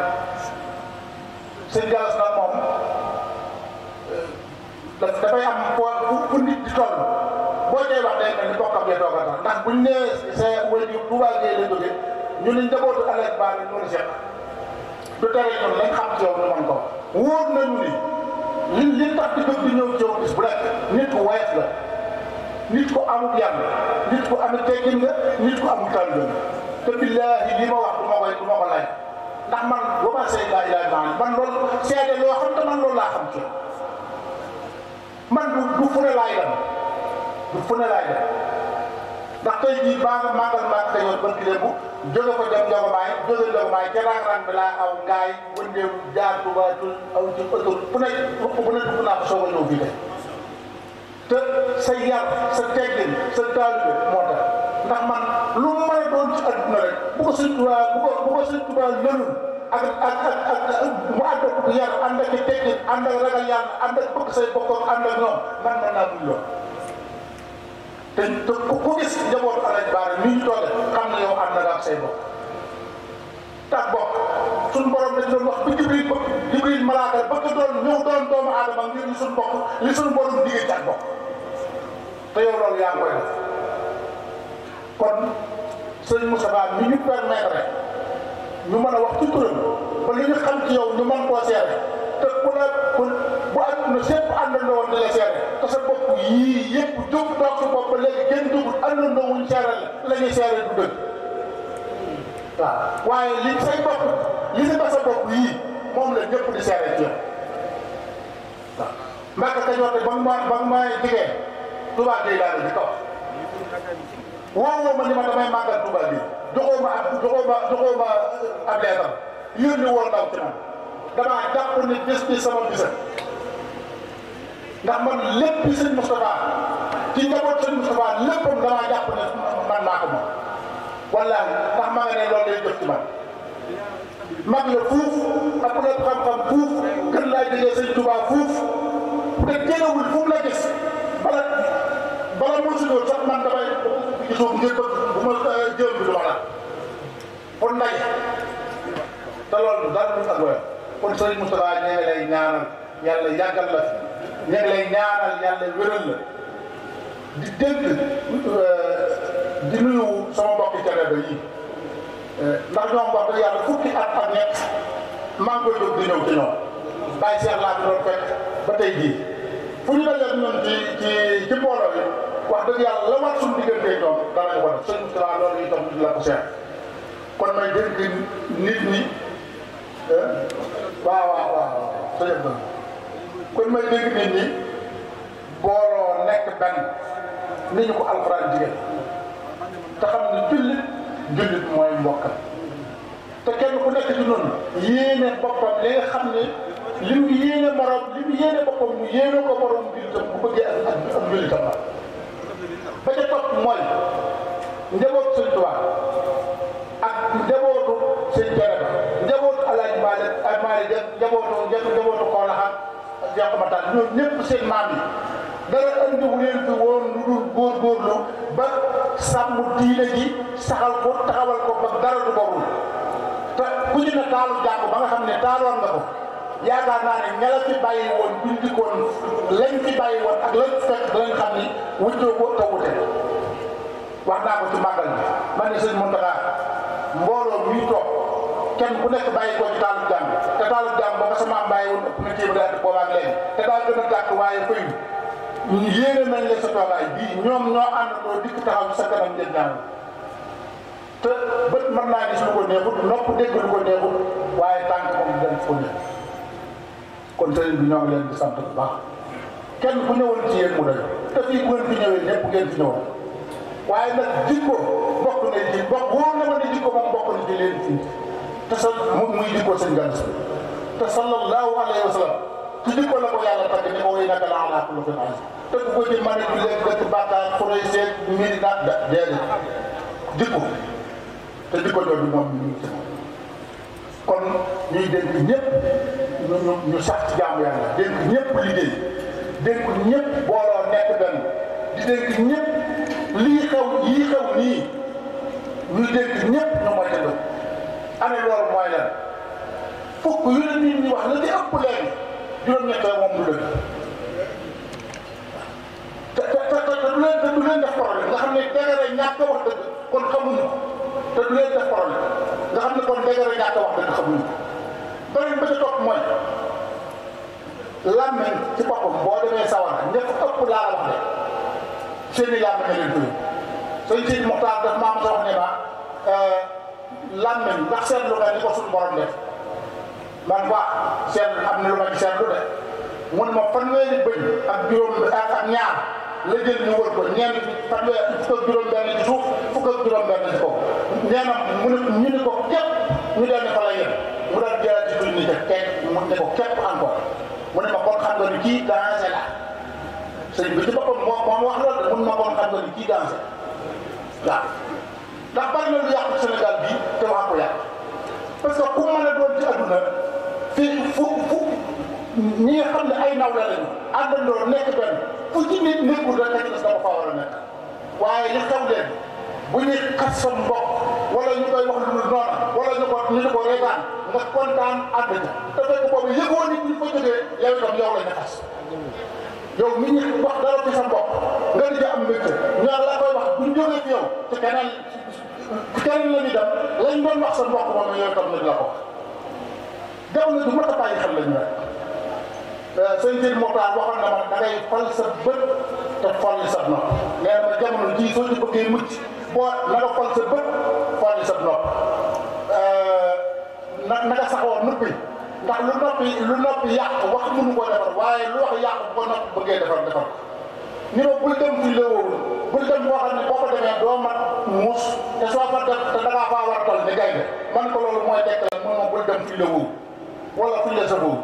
sëñ Gallas nag moom euh, dafay am poids bu nit di toll boo dee wax day mel ni bokkam ya doog a tax ndax buñ nee sa wéju bu wàllee la jóge ñu ne njabootu alal baa ñu mën a seq du tere ñoom lañ xam ci yow ñu mën ko wóor nañu ni. li li tax di bu nekk nit ku woyof la nit ku amul yar la nit ku amul teggin nit ku amul tànn te billaahi li ma wax du ma koy du ma ko laaj ndax man boo ma see laa ilaaha illallaah man loolu seede loo xam te man loolu laa man du du fu ne laay dem du fu ne laay ndax tey jii baa nga màggal màgg tey woon barki léegi jóge ko dem Ndiobo Baye jóge Ndiobo Baye ca raaraan bi laa aw ngaay wëndeewu jaar Touba aw ci autoroute bu nekk ruq bu nekk dugg naa ko soog a ñëw fii de te sa yar sa teggin sa taalibe moo tax ndax man lu mu may doon ci adduna rek bu ko Sëñ Tuubaa bu ko bu ko Sëñ Tuubaa lëlul ak ak ak ak mu ànd ak yar ànd ak teggin ànd ak ragal yàlla ànd ak bëgg say bokkoon ànd ak ñoom man mën naa muy yoon. te te ku gis njabootu Alaaji Baara mi ñu toll xam ne yow ànd na nga am say bokk tax bokk suñu borom dañ doon wax bi Jibril ba Jibril malaaka ba ko doon ñëw doon doomu aadama ngir ñu suñu bokk li suñu borom diggee tax bokk te yow loolu yaa koy def kon sëñ Moussa Ba mi ñu permettre ñu mën a wax ci turam ba li ñu xam ci yow ñu mën koo te ku la ku bu àdduna sépp àndandoo woon da la seere te sa bopp yii yëpp jóg sa bopp léegi kenn jógul àndandoo wuñ seere la ñuy seere du waaye li say bopp li si yii moom la ñëpp di seere ci yow waaw Mbàkke Kajoor de ba mu ma di kaw woowoo ma ni ma damay màggal Tuubaa bi joxoo ma ab joxoo ma joxoo ma ab leetar yónni woon damaa jàpp ne bés bi sama bisa ndax man lépp bi sëñ Moustapha ci njaboot sëñ maa ko moom wallaahi ndax maa nga ne loolu lay jot ci mag la fuuf ak ku nekk xam-xam fuuf gën laa jógee sëñ Touba fuuf te génnewul fu mu la gis bala bala mu suñu sax man damay gisoo ngir bëgg bu ma euh, jéem bi du ma la kon nag te kon sëriñ Moustapha ñu ngi lay ñaanal yàlla yàggal la ñu ngi lay ñaanal yàlla la di dégg euh, di nuyu sama mbokki Cëraba yi euh, ndax ñoom wax dëgg yàlla fukki at ak ñett maa ngi koy jóg di ñëw ci ñoom bàyyi seex laa fi doon ba tey jii fu ñu dajal ñun ci ci ci mbooloo yi wax dëgg yàlla la war suñu diggante ñoom dara ñu ko def sëñ Moustapha loolu itam la ko seet kon may dégg nit ñi. waaw waaw waaw sëñ may dégg nit ñi booloo nekk benn ni ñu ko alxuraan digal te xam ne jullit jullit mooy mbokkam te kenn ku nekk ci noonu yéene boppam li nga xam ne li mu yéene morom li mu yéene boppam mu yéene ko morom jullitam bu bëggee ak ak ak jullitam la topp mooy njaboot sëñ Tuubaa ak njabootu sëñ Baale ak Baale jë jabootu jë jabootu Kawlaxan ak Yacouba Tall ñoom ñëpp fi woon lu dul góorgóorlu ba sàmm diine gi saxal ko taxawal ko ba dara du boobu te ku ñu ne taalu jàpp ba nga xam ne taaloon nga ko yaakaar naa ne ña la fi bàyyi woon buñ dikkoon lañ fi bàyyi woon ak lañ fekk danañ xam ni wutoo ko te wute wax naa ko ci màggal man ne sëñ Mountakha mbooloo kenn ku nekk bàyyi ko ci taalub jàmm te taalub jàmm ba ko sama am bàyyi woon ëpp na ceeb daal di boobaag te daal gën a tàkk waaye fayu yéene nañ la sa toogaay bii ñoom ñoo ànd ñoo dikk taxaw ci sa kanam njël ñaan te bët mën naa gis lu ko neexut nopp dégg lu ko neexut waaye tànk moom dem ko neex kon sëriñ di sant bu baax kenn ku ñëwoon ci yéen mu doy te fii ku ngeen fi ñëwee ñëpp ngeen fi ñëwoon waaye nag jikko bokk na ci bokk wóor na ma ne jikko moom bokk na ci te sa moom muy jikkoo sëñ Gana Messere te sallallahu alayhi la ko yàlla tàgg ni ko wéy naka laa laa kullu fin alim te ku ko ci mën a jullee dëkk bàkkaar xoroy seet mbiri naat da déedéet jikko te jooju moom kon ñuy dénk ñëpp ñu sax jaamu yàlla dénk ñëpp liggéey dénk lii xew yii xew ñu dénk ñëpp amee loolu mooy lan fukk yu ne nit wax la di ëpp léegi juróom-ñett la moom du dëgg te te te du leen du leen def problème nga xam ne dëgg ko te du leen def problème nga xam ne kon dëgg ñàkk wax dëgg xamuñu ko. beneen ba ca topp mooy làmmiñ ci boppam boo demee sawar ña ko ëpp laa la wax rek seen i làmmiñ leen bëri sëñ Sidi Moxtaar daf maa ma wax ne ma. Euh, làmmiñ ndax seetlu nga ni ko suñu borom def man waa seetlu am na lu ma ci de mun ma fanweeri bëñ ak juróom ak ñaar la jël ñu wër ko ñeent fanweer fukk ak juróom ñu ne ko képp ñu daal fa la yem mu ni teg teg mu ko képp encore mu ma kon xam nga ni kii dansé la sëñ bi ci boppam moo moo wax loolu de mun ma kon xam nga ni kii dansé waaw ndax bari na lu yàqu bii. parce que ku mën a doon ci àdduna fii xam ne ay naw la lañu àndandoo nekk benn fu ci nit nekkul da nekk na sama faa war a nekk waaye ne ko nga kontaan ànd ca boobu yëgoo nit ñi ko jógee yow itam yow la yow mi ñu wax dara ci nga di am mbégte ñaar la koy wax bu ñu jógee teel la ñu dem lañ doon wax sa mbokk moom yooyu tam la ñu la ko gaaw na du mot a bàyyi xel la ñu rek euh, sëñ Thierno Mokhtar waxoon na ma da ngay fal sa bët te fal sa nopp nee na jamono jii soo ci bëggee mucc boo na nga fal bët fal sa nopp euh, na na nga saxoo noppi ndax lu lu noppi yàq wax mënu ko defar waaye lu wax yàq bu ko noppi bëggee defar defar. ñu ne bul dem buy la wóor bul dem boo xam ne boo ko demee doo mat muus te soo ko def faa war a toll ni gaynde man ko loolu mooy tegtal mun ma bul la wóor wala buy sa wóor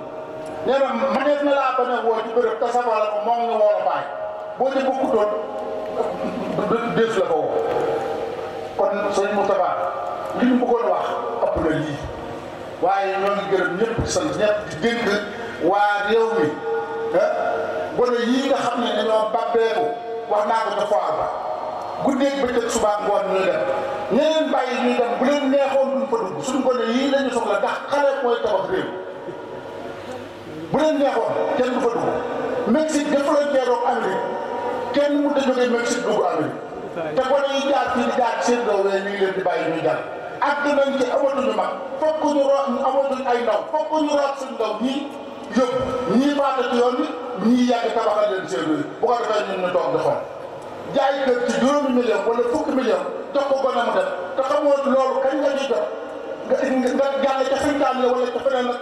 nee na manees na laa bañ a bërëb te safara la ko moom nga woo la bàyyi boo ci bokkutoon dés la ko woo kon sëñ Moustapha li ñu bëggoon wax ëpp na lii waaye ñoo ngi gërëm ñëpp sant ñëpp di dénk waa réew mi ah. gone yii nga xam ne dañoo bàbbeeku wax naa ko ca foire ba guddeeg bëccëg subaa ngoon ñuy dem ñeneen bàyyi ñuy dem bu leen neexoon duñ fa dugg suñu gone yii lañu soxla ndax xale mooy tabax réew bu leen neexoon kenn du fa dugg Mexique dafa la jeeroog a jógee te gone yi jaar fii di jaar seen doole ñu ngi leen di bàyyi ñuy jàll àgg nañ ci amatuñu mag fokk ñu root ay ndaw fokk ñu root suñu ndaw ñii yóbbu ñii maa dëkk yoon bi ñii yàgg tabaxal leen seen réew bu ko defee ñun ñu toog di xool jaay kër ci juróomi million wala fukki million jox ko gone mu def te xamoo loolu kañ nga ci jot nga nga jàll ca cinquante la wala ca feneen ak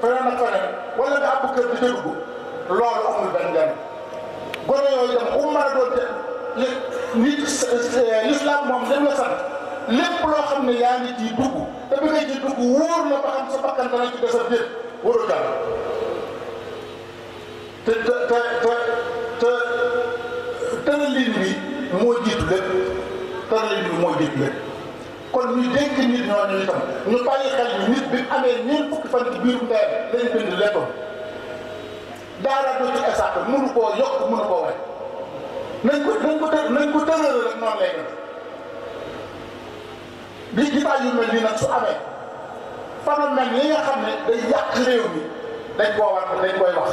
feneen ak feneen wala nga àbb kër di ca dugg loolu amul benn njariñ gone yooyu dem ku te eh, li moom dañ la sant lépp loo xam ne yaa ngi ciy dugg te bi nga ciy dugg wóor na ba sa bakkan dana ci des a warul dal te te te te tëralin bi moo jiitu lépp tëralin bi moo jiitu lépp kon ñu dénk nit ñooñu itam ñu bàyyi xel nit bi amee ñeent fukki fan ci biiru ndeyam lañ bind lekkam daara du ci esaat mënu koo yokk mënu koo wañ nañ ko nañ ko të nañ ko tëral rek noonu lay def li li bàyyi mel nii nag su amee. phénomène yi nga xam ne day yàq réew mi dañ koo war dañ koy wax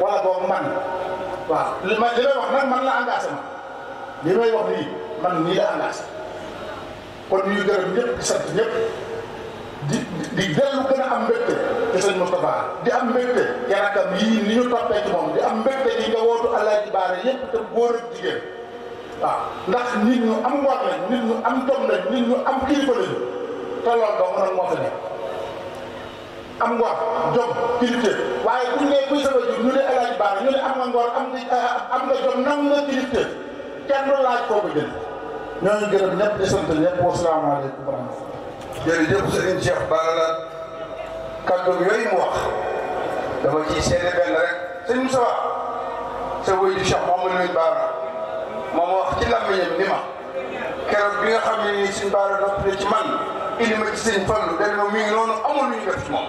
wala boobu man waaw li ma li may wax nag man la engagé ma li may wax nii man nii la engagé kon ñuy gërëm ñëpp di sant ñëpp di di dellu gën a am mbégte di am mbégte yarakam yii ni ñu toppee ci di am mbégte yi nga wootu Alaaji Baara yëpp te góor ak jigéen waaw ndax nit ñu am ngor lañ nit ñu am doom lañ nit ñu am kilifa lañ te loolu dong nag moo fa nekk am ngor jom kilifte waaye bu ñu nee kuy sama ji ñu ne El Hadj Ba ñu ne am nga ngor am nga ah, am nga jom nam nga kilifte kenn du laaj koo ko jënd ñooñu gërëm ñëpp di sant ñëpp wa salaamaaleykum wa rahmatulah. jërëjëf Serigne Cheikh Bara kàddu yooyu mu wax dama ciy seede benn rek sëñ Moussa sa wéy di Cheikh Mouhamadou Lamine Bara moom wax ci làmmiñam ni ma keroog bi nga xam ne nii suñ Bara noppi ci man indi ma ci sëñ Fallu benn mi ngi noonu amul lu ñu def ci moom.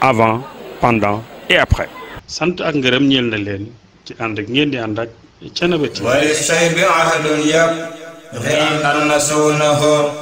avant pendant et après. sant ak ngërëm ñeel na leen ci ànd ak ngeen di ànd ak Thiénaba TV. wala say bi ahadun yab. xëy na